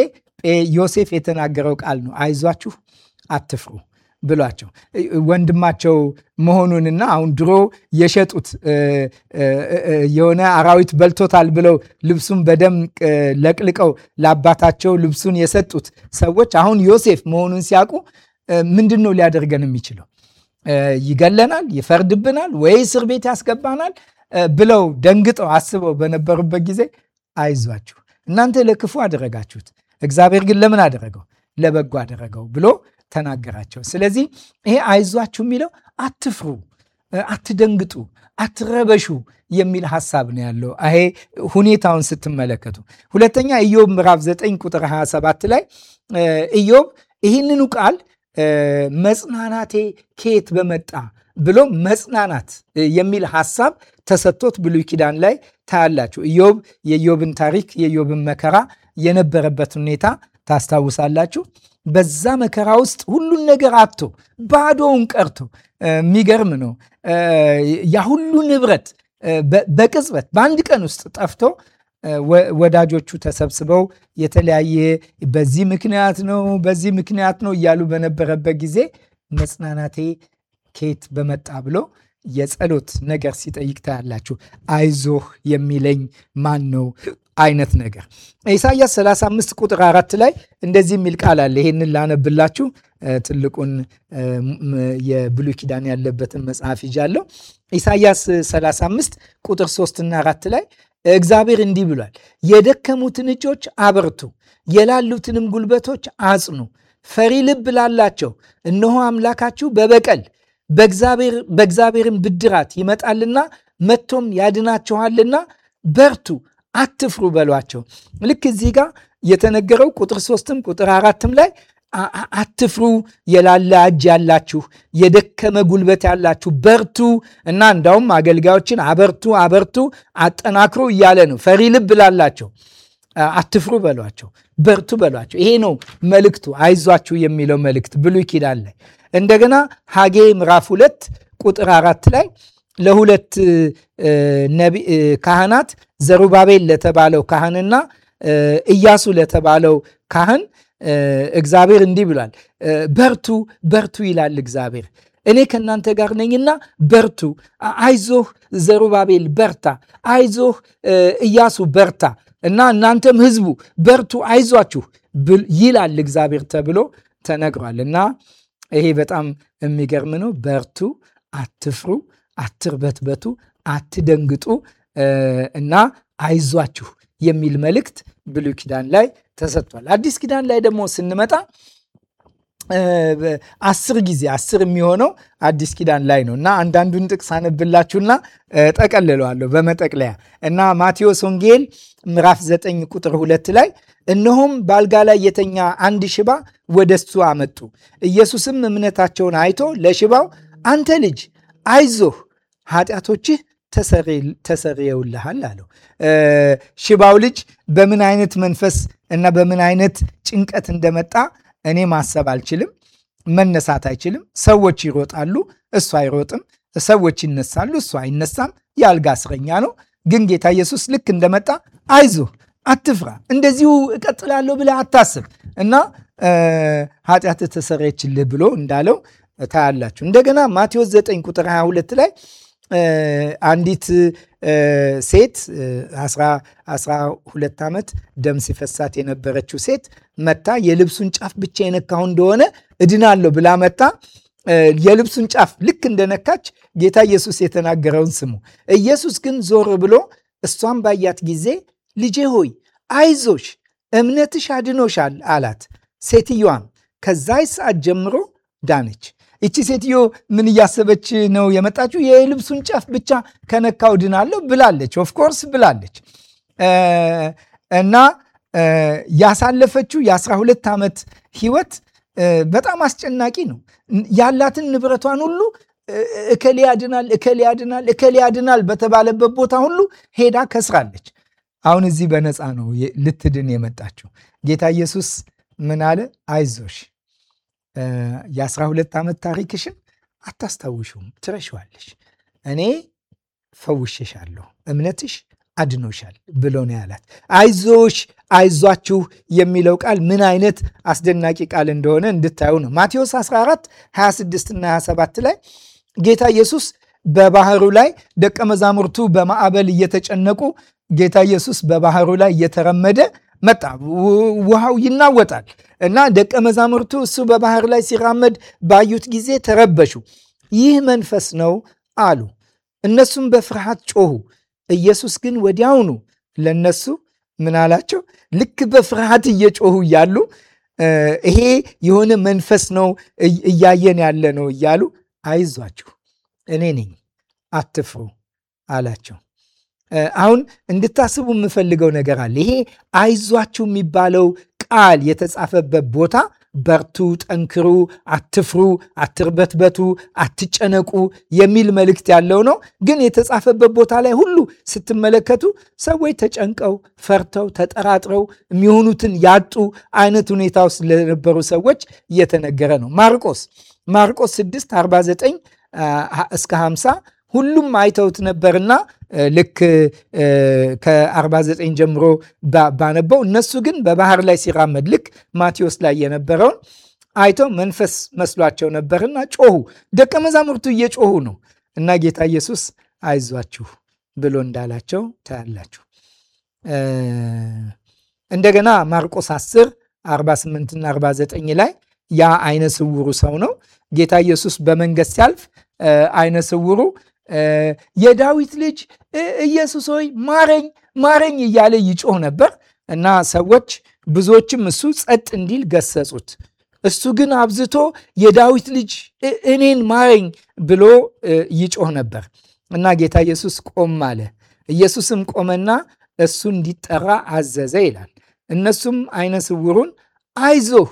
ዮሴፍ የተናገረው ቃል ነው። አይዟችሁ፣ አትፍሩ ብሏቸው ወንድማቸው መሆኑንና አሁን ድሮ የሸጡት የሆነ አራዊት በልቶታል ብለው ልብሱን በደም ለቅልቀው ለአባታቸው ልብሱን የሰጡት ሰዎች አሁን ዮሴፍ መሆኑን ሲያውቁ ምንድን ነው ሊያደርገን የሚችለው? ይገለናል? ይፈርድብናል? ወይ እስር ቤት ያስገባናል? ብለው ደንግጠው አስበው በነበሩበት ጊዜ አይዟችሁ እናንተ ለክፉ አደረጋችሁት፣ እግዚአብሔር ግን ለምን አደረገው? ለበጎ አደረገው ብሎ ተናገራቸው። ስለዚህ ይሄ አይዟችሁ የሚለው አትፍሩ፣ አትደንግጡ፣ አትረበሹ የሚል ሐሳብ ነው ያለው። ይሄ ሁኔታውን ስትመለከቱ ሁለተኛ ኢዮብ ምዕራፍ 9 ቁጥር 27 ላይ ኢዮብ ይህንኑ ቃል መጽናናቴ ከየት በመጣ ብሎ መጽናናት የሚል ሐሳብ ተሰጥቶት ብሉይ ኪዳን ላይ ታያላችሁ። ኢዮብ የኢዮብን ታሪክ የኢዮብን መከራ የነበረበት ሁኔታ ታስታውሳላችሁ። በዛ መከራ ውስጥ ሁሉን ነገር አጥቶ ባዶውን ቀርቶ የሚገርም ነው። ያ ሁሉ ንብረት በቅጽበት በአንድ ቀን ውስጥ ጠፍቶ ወዳጆቹ ተሰብስበው የተለያየ በዚህ ምክንያት ነው በዚህ ምክንያት ነው እያሉ በነበረበት ጊዜ መጽናናቴ ኬት በመጣ ብሎ የጸሎት ነገር ሲጠይቅ ታያላችሁ። አይዞህ የሚለኝ ማን ነው? አይነት ነገር ኢሳያስ 35 ቁጥር አራት ላይ እንደዚህ የሚል ቃል አለ። ይህንን ላነብላችሁ ትልቁን የብሉይ ኪዳን ያለበትን መጽሐፍ ይዣለሁ። ኢሳያስ 35 ቁጥር 3 እና 4 ላይ እግዚአብሔር እንዲህ ብሏል፣ የደከሙትን እጆች አበርቱ፣ የላሉትንም ጉልበቶች አጽኑ። ፈሪ ልብ ላላቸው እነሆ አምላካችሁ በበቀል በእግዚአብሔርም ብድራት ይመጣልና መጥቶም ያድናችኋልና በርቱ አትፍሩ በሏቸው። ልክ እዚህ ጋር የተነገረው ቁጥር ሶስትም ቁጥር አራትም ላይ አትፍሩ የላለ እጅ ያላችሁ የደከመ ጉልበት ያላችሁ በርቱ እና እንዳውም አገልጋዮችን አበርቱ አበርቱ አጠናክሮ እያለ ነው። ፈሪ ልብ ላላቸው አትፍሩ በሏቸው፣ በርቱ በሏቸው። ይሄ ነው መልእክቱ፣ አይዟችሁ የሚለው መልእክት ብሉይ ኪዳን ላይ እንደገና ሐጌ ምዕራፍ ሁለት ቁጥር አራት ላይ ለሁለት ካህናት ዘሩባቤል ለተባለው ካህንና እያሱ ለተባለው ካህን እግዚአብሔር እንዲህ ብሏል። በርቱ በርቱ ይላል እግዚአብሔር። እኔ ከእናንተ ጋር ነኝና በርቱ። አይዞህ ዘሩባቤል በርታ፣ አይዞህ እያሱ በርታ እና እናንተም ህዝቡ በርቱ አይዟችሁ ይላል እግዚአብሔር ተብሎ ተነግሯል። እና ይሄ በጣም የሚገርም ነው። በርቱ፣ አትፍሩ አትርበትበቱ፣ አትደንግጡ እና አይዟችሁ የሚል መልእክት ብሉይ ኪዳን ላይ ተሰጥቷል። አዲስ ኪዳን ላይ ደግሞ ስንመጣ አስር ጊዜ አስር የሚሆነው አዲስ ኪዳን ላይ ነው እና አንዳንዱን ጥቅስ አነብላችሁና ጠቀልለዋለሁ በመጠቅለያ እና ማቴዎስ ወንጌል ምዕራፍ 9 ቁጥር 2 ላይ እነሆም በአልጋ ላይ የተኛ አንድ ሽባ ወደ እሱ አመጡ። ኢየሱስም እምነታቸውን አይቶ ለሽባው አንተ ልጅ አይዞህ ኃጢአቶችህ ተሰርየውልሃል አለው። ሽባው ልጅ በምን አይነት መንፈስ እና በምን አይነት ጭንቀት እንደመጣ እኔ ማሰብ አልችልም። መነሳት አይችልም። ሰዎች ይሮጣሉ፣ እሱ አይሮጥም። ሰዎች ይነሳሉ፣ እሱ አይነሳም። የአልጋ እስረኛ ነው። ግን ጌታ ኢየሱስ ልክ እንደመጣ አይዞ አትፍራ፣ እንደዚሁ እቀጥላለሁ ብለህ አታስብ እና ኃጢአት ተሰረየችልህ ብሎ እንዳለው ታያላችሁ። እንደገና ማቴዎስ 9 ቁጥር 22 ላይ አንዲት ሴት 12 ዓመት ደም ሲፈሳት የነበረችው ሴት መታ የልብሱን ጫፍ ብቻ የነካሁ እንደሆነ እድናለሁ ብላ መታ የልብሱን ጫፍ ልክ እንደነካች ጌታ ኢየሱስ የተናገረውን ስሙ። ኢየሱስ ግን ዞር ብሎ እሷን ባያት ጊዜ ልጄ ሆይ አይዞሽ እምነትሽ አድኖሻል አላት። ሴትዮዋም ከዛይ ሰዓት ጀምሮ ዳነች። እቺ ሴትዮ ምን እያሰበች ነው የመጣችው? የልብሱን ጫፍ ብቻ ከነካው ድናለሁ ብላለች። ኦፍኮርስ ብላለች። እና ያሳለፈችው የአስራ ሁለት ዓመት ህይወት በጣም አስጨናቂ ነው። ያላትን ንብረቷን ሁሉ እከሌ ያድናል፣ እከሌ ያድናል፣ እከሌ ያድናል በተባለበት ቦታ ሁሉ ሄዳ ከስራለች። አሁን እዚህ በነፃ ነው ልትድን የመጣችው። ጌታ ኢየሱስ ምን አለ? አይዞሽ የአስራ ሁለት ዓመት ታሪክሽን አታስታውሹም፣ ትረሺዋለሽ። እኔ ፈውሸሻለሁ፣ እምነትሽ አድኖሻል ብሎ ነው ያላት። አይዞሽ አይዟችሁ የሚለው ቃል ምን አይነት አስደናቂ ቃል እንደሆነ እንድታዩ ነው። ማቴዎስ 14 26 እና 27 ላይ ጌታ ኢየሱስ በባህሩ ላይ ደቀ መዛሙርቱ በማዕበል እየተጨነቁ ጌታ ኢየሱስ በባህሩ ላይ እየተረመደ መጣ። ውሃው ይናወጣል እና ደቀ መዛሙርቱ እሱ በባህር ላይ ሲራመድ ባዩት ጊዜ ተረበሹ። ይህ መንፈስ ነው አሉ። እነሱም በፍርሃት ጮሁ። ኢየሱስ ግን ወዲያውኑ ለነሱ ምን አላቸው? ልክ በፍርሃት እየጮሁ እያሉ ይሄ የሆነ መንፈስ ነው እያየን ያለ ነው እያሉ አይዟችሁ፣ እኔ ነኝ፣ አትፍሩ አላቸው። አሁን እንድታስቡ የምፈልገው ነገር አለ። ይሄ አይዟችሁ የሚባለው ቃል የተጻፈበት ቦታ በርቱ፣ ጠንክሩ፣ አትፍሩ፣ አትርበትበቱ፣ አትጨነቁ የሚል መልእክት ያለው ነው። ግን የተጻፈበት ቦታ ላይ ሁሉ ስትመለከቱ ሰዎች ተጨንቀው፣ ፈርተው፣ ተጠራጥረው የሚሆኑትን ያጡ አይነት ሁኔታ ውስጥ ለነበሩ ሰዎች እየተነገረ ነው። ማርቆስ ማርቆስ 6 49 እስከ 50 ሁሉም አይተውት ነበርና ልክ ከ49 ጀምሮ ባነበው እነሱ ግን በባህር ላይ ሲራመድ ልክ ማቴዎስ ላይ የነበረውን አይቶ መንፈስ መስሏቸው ነበርና ጮሁ። ደቀ መዛሙርቱ እየጮሁ ነው እና ጌታ ኢየሱስ አይዟችሁ ብሎ እንዳላቸው ታያላችሁ። እንደገና ማርቆስ 10 48 እና 49 ላይ ያ አይነ ስውሩ ሰው ነው። ጌታ ኢየሱስ በመንገድ ሲያልፍ አይነ ስውሩ የዳዊት ልጅ ኢየሱስ ሆይ ማረኝ ማረኝ እያለ ይጮህ ነበር እና ሰዎች ብዙዎችም እሱ ጸጥ እንዲል ገሰጹት። እሱ ግን አብዝቶ የዳዊት ልጅ እኔን ማረኝ ብሎ ይጮህ ነበር እና ጌታ ኢየሱስ ቆም አለ። ኢየሱስም ቆመና እሱ እንዲጠራ አዘዘ ይላል። እነሱም አይነ ስውሩን አይዞህ፣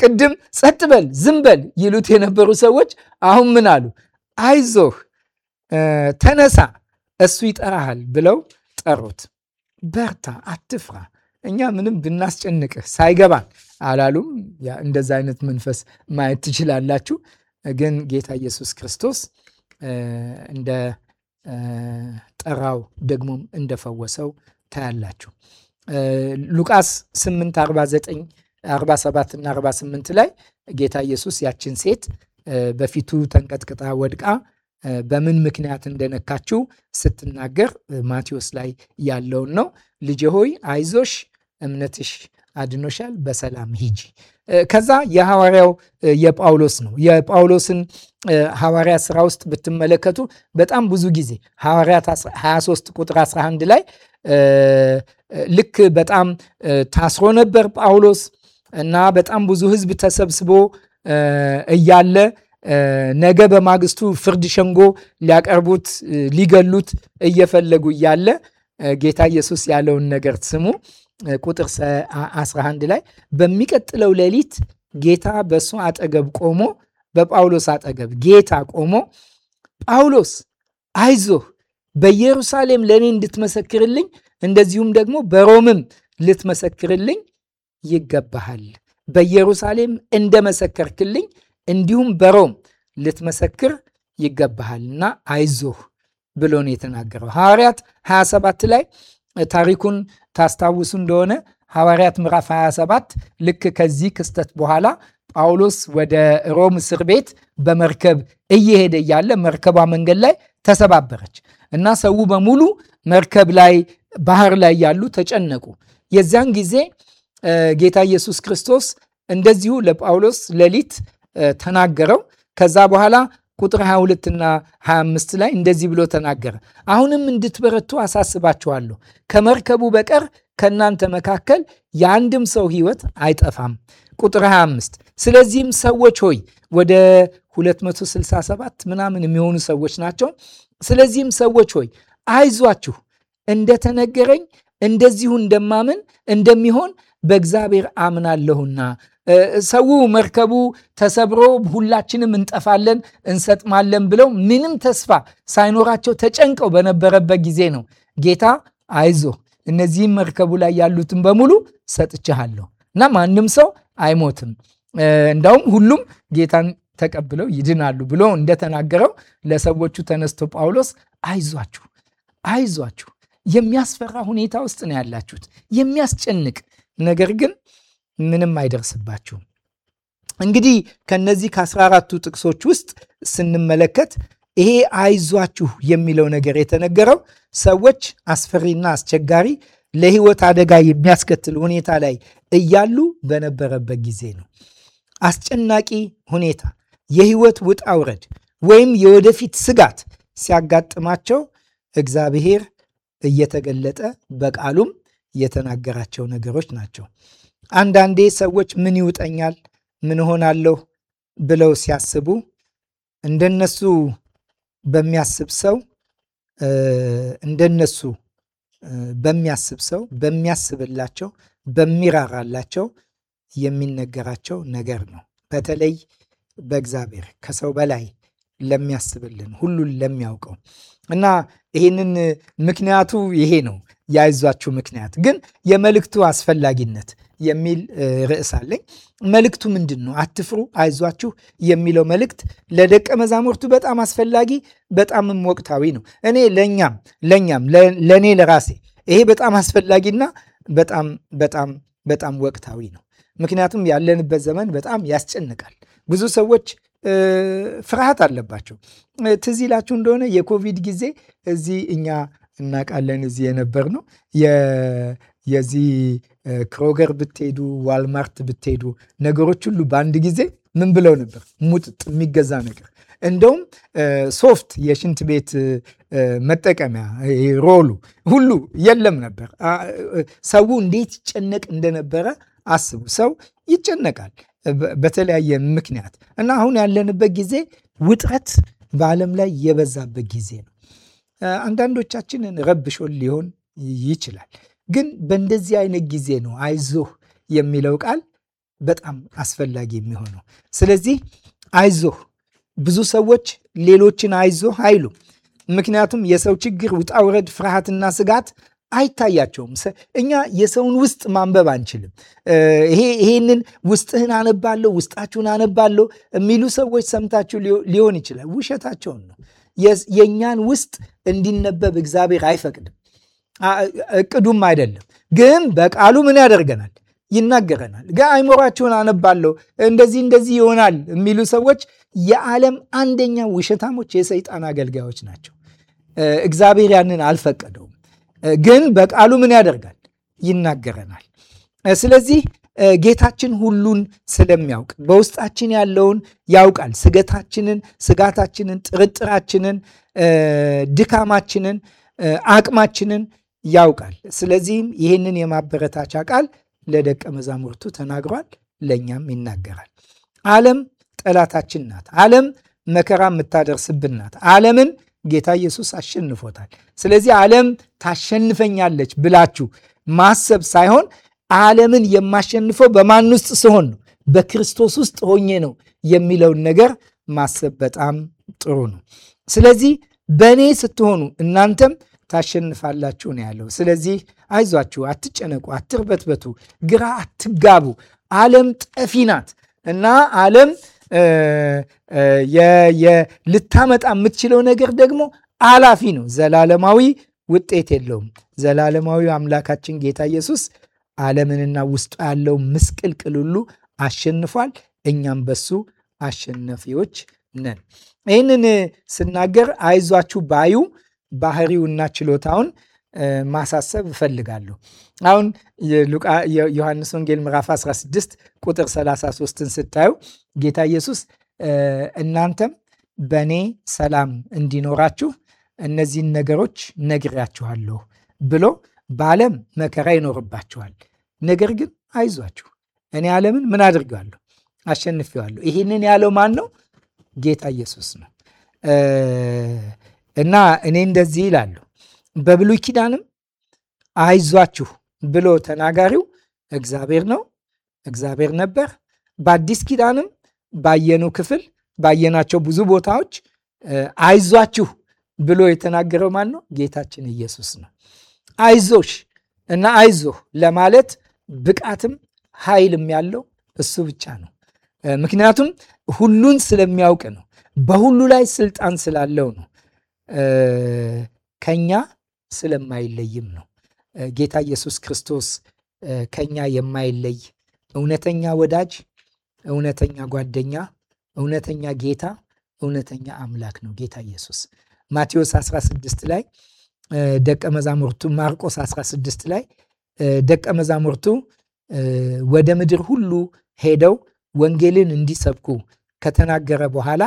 ቅድም ጸጥ በል ዝም በል ይሉት የነበሩ ሰዎች አሁን ምን አሉ? አይዞህ ተነሳ፣ እሱ ይጠራሃል ብለው ጠሩት። በርታ፣ አትፍራ፣ እኛ ምንም ብናስጨንቅህ ሳይገባን አላሉም። እንደዛ አይነት መንፈስ ማየት ትችላላችሁ። ግን ጌታ ኢየሱስ ክርስቶስ እንደ ጠራው ደግሞም እንደፈወሰው ታያላችሁ። ሉቃስ 8 49 47 እና 48 ላይ ጌታ ኢየሱስ ያችን ሴት በፊቱ ተንቀጥቅጣ ወድቃ በምን ምክንያት እንደነካችው ስትናገር ማቴዎስ ላይ ያለውን ነው። ልጄ ሆይ አይዞሽ፣ እምነትሽ አድኖሻል፣ በሰላም ሂጂ። ከዛ የሐዋርያው የጳውሎስ ነው። የጳውሎስን ሐዋርያ ስራ ውስጥ ብትመለከቱ በጣም ብዙ ጊዜ ሐዋርያት 23 ቁጥር 11 ላይ ልክ በጣም ታስሮ ነበር ጳውሎስ እና በጣም ብዙ ሕዝብ ተሰብስቦ እያለ ነገ በማግስቱ ፍርድ ሸንጎ ሊያቀርቡት ሊገሉት እየፈለጉ እያለ ጌታ ኢየሱስ ያለውን ነገር ስሙ። ቁጥር 11 ላይ በሚቀጥለው ሌሊት ጌታ በእሱ አጠገብ ቆሞ በጳውሎስ አጠገብ ጌታ ቆሞ ጳውሎስ አይዞህ፣ በኢየሩሳሌም ለእኔ እንድትመሰክርልኝ እንደዚሁም ደግሞ በሮምም ልትመሰክርልኝ ይገባሃል። በኢየሩሳሌም እንደመሰከርክልኝ እንዲሁም በሮም ልትመሰክር ይገባሃልና አይዞህ ብሎ ነው የተናገረው። ሐዋርያት 27 ላይ ታሪኩን ታስታውሱ እንደሆነ ሐዋርያት ምዕራፍ 27 ልክ ከዚህ ክስተት በኋላ ጳውሎስ ወደ ሮም እስር ቤት በመርከብ እየሄደ እያለ መርከቧ መንገድ ላይ ተሰባበረች እና ሰው በሙሉ መርከብ ላይ ባህር ላይ ያሉ ተጨነቁ። የዚያን ጊዜ ጌታ ኢየሱስ ክርስቶስ እንደዚሁ ለጳውሎስ ሌሊት ተናገረው። ከዛ በኋላ ቁጥር 22 እና 25 ላይ እንደዚህ ብሎ ተናገረ። አሁንም እንድትበረቱ አሳስባችኋለሁ። ከመርከቡ በቀር ከእናንተ መካከል የአንድም ሰው ሕይወት አይጠፋም። ቁጥር 25 ስለዚህም ሰዎች ሆይ ወደ 267 ምናምን የሚሆኑ ሰዎች ናቸው። ስለዚህም ሰዎች ሆይ አይዟችሁ፣ እንደተነገረኝ እንደዚሁ እንደማምን እንደሚሆን በእግዚአብሔር አምናለሁና ሰው መርከቡ ተሰብሮ ሁላችንም እንጠፋለን እንሰጥማለን ብለው ምንም ተስፋ ሳይኖራቸው ተጨንቀው በነበረበት ጊዜ ነው ጌታ አይዞ እነዚህም መርከቡ ላይ ያሉትን በሙሉ ሰጥችሃለሁ እና ማንም ሰው አይሞትም እንዳውም ሁሉም ጌታን ተቀብለው ይድናሉ ብሎ እንደተናገረው ለሰዎቹ ተነስቶ ጳውሎስ አይዟችሁ አይዟችሁ የሚያስፈራ ሁኔታ ውስጥ ነው ያላችሁት የሚያስጨንቅ ነገር ግን ምንም አይደርስባችሁም። እንግዲህ ከነዚህ ከአስራ አራቱ ጥቅሶች ውስጥ ስንመለከት ይሄ አይዟችሁ የሚለው ነገር የተነገረው ሰዎች አስፈሪና አስቸጋሪ ለሕይወት አደጋ የሚያስከትል ሁኔታ ላይ እያሉ በነበረበት ጊዜ ነው። አስጨናቂ ሁኔታ፣ የሕይወት ውጣ ውረድ ወይም የወደፊት ስጋት ሲያጋጥማቸው እግዚአብሔር እየተገለጠ በቃሉም የተናገራቸው ነገሮች ናቸው። አንዳንዴ ሰዎች ምን ይውጠኛል፣ ምን ሆናለሁ ብለው ሲያስቡ እንደነሱ በሚያስብ ሰው እንደነሱ በሚያስብ ሰው በሚያስብላቸው በሚራራላቸው የሚነገራቸው ነገር ነው። በተለይ በእግዚአብሔር ከሰው በላይ ለሚያስብልን ሁሉን ለሚያውቀው እና ይህንን ምክንያቱ ይሄ ነው። ያይዟችሁ ምክንያት ግን የመልእክቱ አስፈላጊነት የሚል ርዕስ አለኝ። መልእክቱ ምንድን ነው? አትፍሩ፣ አይዟችሁ የሚለው መልእክት ለደቀ መዛሙርቱ በጣም አስፈላጊ በጣምም ወቅታዊ ነው። እኔ ለእኛም ለእኛም ለእኔ ለራሴ ይሄ በጣም አስፈላጊና በጣም በጣም በጣም ወቅታዊ ነው። ምክንያቱም ያለንበት ዘመን በጣም ያስጨንቃል። ብዙ ሰዎች ፍርሃት አለባቸው። ትዝ ይላችሁ እንደሆነ የኮቪድ ጊዜ እዚህ እኛ እናውቃለን እዚህ የነበር ነው የዚህ ክሮገር ብትሄዱ ዋልማርት ብትሄዱ ነገሮች ሁሉ በአንድ ጊዜ ምን ብለው ነበር? ሙጥጥ የሚገዛ ነገር እንደውም ሶፍት የሽንት ቤት መጠቀሚያ ሮሉ ሁሉ የለም ነበር። ሰው እንዴት ይጨነቅ እንደነበረ አስቡ። ሰው ይጨነቃል በተለያየ ምክንያት እና አሁን ያለንበት ጊዜ ውጥረት በዓለም ላይ የበዛበት ጊዜ ነው። አንዳንዶቻችንን ረብሾን ሊሆን ይችላል። ግን በእንደዚህ አይነት ጊዜ ነው አይዞህ የሚለው ቃል በጣም አስፈላጊ የሚሆነው። ስለዚህ አይዞህ ብዙ ሰዎች ሌሎችን አይዞህ አይሉ። ምክንያቱም የሰው ችግር፣ ውጣውረድ፣ ፍርሃትና ስጋት አይታያቸውም። እኛ የሰውን ውስጥ ማንበብ አንችልም። ይሄንን ውስጥህን አነባለሁ፣ ውስጣችሁን አነባለሁ የሚሉ ሰዎች ሰምታችሁ ሊሆን ይችላል። ውሸታቸውን ነው። የእኛን ውስጥ እንዲነበብ እግዚአብሔር አይፈቅድም፣ እቅዱም አይደለም። ግን በቃሉ ምን ያደርገናል? ይናገረናል። ግን አይምሯችሁን አነባለሁ እንደዚህ እንደዚህ ይሆናል የሚሉ ሰዎች የዓለም አንደኛ ውሸታሞች፣ የሰይጣን አገልጋዮች ናቸው። እግዚአብሔር ያንን አልፈቀደውም። ግን በቃሉ ምን ያደርጋል? ይናገረናል። ስለዚህ ጌታችን ሁሉን ስለሚያውቅ በውስጣችን ያለውን ያውቃል። ስጋታችንን ስጋታችንን፣ ጥርጥራችንን፣ ድካማችንን፣ አቅማችንን ያውቃል። ስለዚህም ይህንን የማበረታቻ ቃል ለደቀ መዛሙርቱ ተናግሯል፣ ለእኛም ይናገራል። ዓለም ጠላታችን ናት። ዓለም መከራ የምታደርስብን ናት። ዓለምን ጌታ ኢየሱስ አሸንፎታል። ስለዚህ ዓለም ታሸንፈኛለች ብላችሁ ማሰብ ሳይሆን ዓለምን የማሸንፈው በማን ውስጥ ስሆን ነው? በክርስቶስ ውስጥ ሆኜ ነው የሚለውን ነገር ማሰብ በጣም ጥሩ ነው። ስለዚህ በእኔ ስትሆኑ እናንተም ታሸንፋላችሁ ነው ያለው። ስለዚህ አይዟችሁ፣ አትጨነቁ፣ አትርበትበቱ፣ ግራ አትጋቡ። ዓለም ጠፊ ናት እና ዓለም ልታመጣ የምትችለው ነገር ደግሞ አላፊ ነው። ዘላለማዊ ውጤት የለውም። ዘላለማዊ አምላካችን ጌታ ኢየሱስ ዓለምንና ውስጡ ያለው ምስቅልቅል ሁሉ አሸንፏል። እኛም በሱ አሸናፊዎች ነን። ይህንን ስናገር አይዟችሁ ባዩ ባህሪውና ችሎታውን ማሳሰብ እፈልጋለሁ። አሁን ዮሐንስ ወንጌል ምዕራፍ 16 ቁጥር 33ን ስታዩ ጌታ ኢየሱስ እናንተም በእኔ ሰላም እንዲኖራችሁ እነዚህን ነገሮች ነግሬያችኋለሁ ብሎ በዓለም መከራ ይኖርባችኋል፣ ነገር ግን አይዟችሁ፣ እኔ ዓለምን ምን አድርገዋለሁ? አሸንፌዋለሁ። ይህንን ያለው ማን ነው? ጌታ ኢየሱስ ነው። እና እኔ እንደዚህ ይላሉ። በብሉይ ኪዳንም አይዟችሁ ብሎ ተናጋሪው እግዚአብሔር ነው፣ እግዚአብሔር ነበር። በአዲስ ኪዳንም ባየኑ ክፍል ባየናቸው ብዙ ቦታዎች አይዟችሁ ብሎ የተናገረው ማን ነው? ጌታችን ኢየሱስ ነው። አይዞሽ እና አይዞህ ለማለት ብቃትም ኃይልም ያለው እሱ ብቻ ነው። ምክንያቱም ሁሉን ስለሚያውቅ ነው። በሁሉ ላይ ስልጣን ስላለው ነው። ከኛ ስለማይለይም ነው። ጌታ ኢየሱስ ክርስቶስ ከኛ የማይለይ እውነተኛ ወዳጅ፣ እውነተኛ ጓደኛ፣ እውነተኛ ጌታ፣ እውነተኛ አምላክ ነው ጌታ ኢየሱስ ማቴዎስ 16 ላይ ደቀ መዛሙርቱ ማርቆስ 16 ላይ ደቀ መዛሙርቱ ወደ ምድር ሁሉ ሄደው ወንጌልን እንዲሰብኩ ከተናገረ በኋላ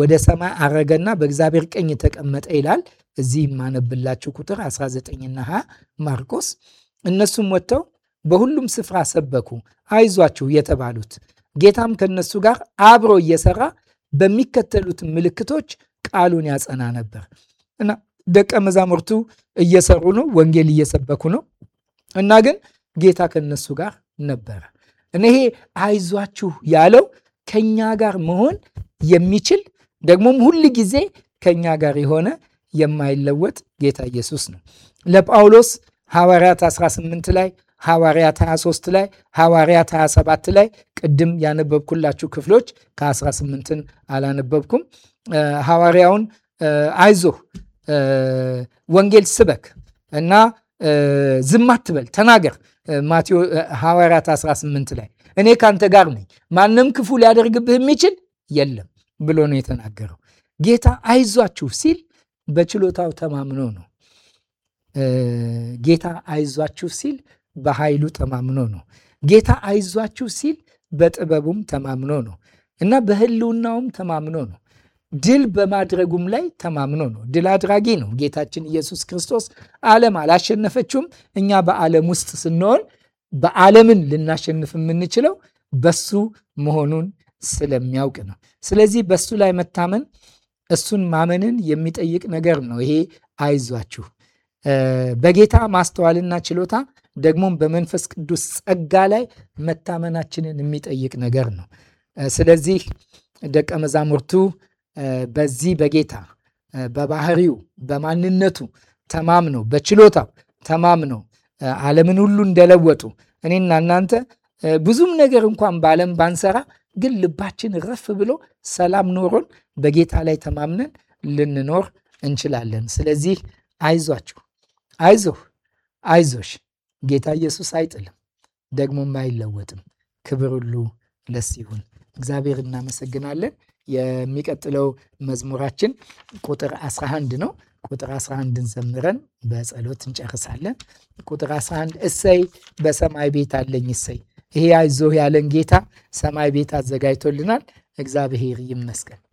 ወደ ሰማይ አረገና በእግዚአብሔር ቀኝ ተቀመጠ ይላል። እዚህ የማነብላችሁ ቁጥር 19ና 20 ማርቆስ። እነሱም ወጥተው በሁሉም ስፍራ ሰበኩ፣ አይዟችሁ የተባሉት ጌታም ከነሱ ጋር አብሮ እየሰራ በሚከተሉት ምልክቶች ቃሉን ያጸና ነበር እና ደቀ መዛሙርቱ እየሰሩ ነው፣ ወንጌል እየሰበኩ ነው። እና ግን ጌታ ከነሱ ጋር ነበረ። እኔሄ አይዟችሁ ያለው ከኛ ጋር መሆን የሚችል ደግሞም ሁል ጊዜ ከኛ ጋር የሆነ የማይለወጥ ጌታ ኢየሱስ ነው። ለጳውሎስ ሐዋርያት 18 ላይ ሐዋርያት 23 ላይ ሐዋርያት 27 ላይ ቅድም ያነበብኩላችሁ ክፍሎች ከ18ን አላነበብኩም። ሐዋርያውን አይዞህ ወንጌል ስበክ እና ዝም አትበል ተናገር። ማቴዎ ሐዋርያት 18 ላይ እኔ ካንተ ጋር ነኝ፣ ማንም ክፉ ሊያደርግብህ የሚችል የለም ብሎ ነው የተናገረው። ጌታ አይዟችሁ ሲል በችሎታው ተማምኖ ነው። ጌታ አይዟችሁ ሲል በኃይሉ ተማምኖ ነው። ጌታ አይዟችሁ ሲል በጥበቡም ተማምኖ ነው እና በህልውናውም ተማምኖ ነው። ድል በማድረጉም ላይ ተማምኖ ነው። ድል አድራጊ ነው ጌታችን ኢየሱስ ክርስቶስ። ዓለም አላሸነፈችውም። እኛ በዓለም ውስጥ ስንሆን በዓለምን ልናሸንፍ የምንችለው በሱ መሆኑን ስለሚያውቅ ነው። ስለዚህ በሱ ላይ መታመን እሱን ማመንን የሚጠይቅ ነገር ነው። ይሄ አይዟችሁ በጌታ ማስተዋልና ችሎታ ደግሞም በመንፈስ ቅዱስ ጸጋ ላይ መታመናችንን የሚጠይቅ ነገር ነው። ስለዚህ ደቀ መዛሙርቱ በዚህ በጌታ በባህሪው በማንነቱ ተማምነው በችሎታው ተማምነው ዓለምን ሁሉ እንደለወጡ እኔና እናንተ ብዙም ነገር እንኳን በዓለም ባንሰራ ግን ልባችን ረፍ ብሎ ሰላም ኖሮን በጌታ ላይ ተማምነን ልንኖር እንችላለን። ስለዚህ አይዟችሁ፣ አይዞህ፣ አይዞሽ፣ ጌታ ኢየሱስ አይጥልም፣ ደግሞም አይለወጥም። ክብር ሁሉ ለስ ይሁን። እግዚአብሔር እናመሰግናለን። የሚቀጥለው መዝሙራችን ቁጥር 11 ነው። ቁጥር 11 እንዘምረን ዘምረን በጸሎት እንጨርሳለን። ቁጥር 11 እሰይ በሰማይ ቤት አለኝ እሰይ። ይሄ አይዞህ ያለን ጌታ ሰማይ ቤት አዘጋጅቶልናል። እግዚአብሔር ይመስገን።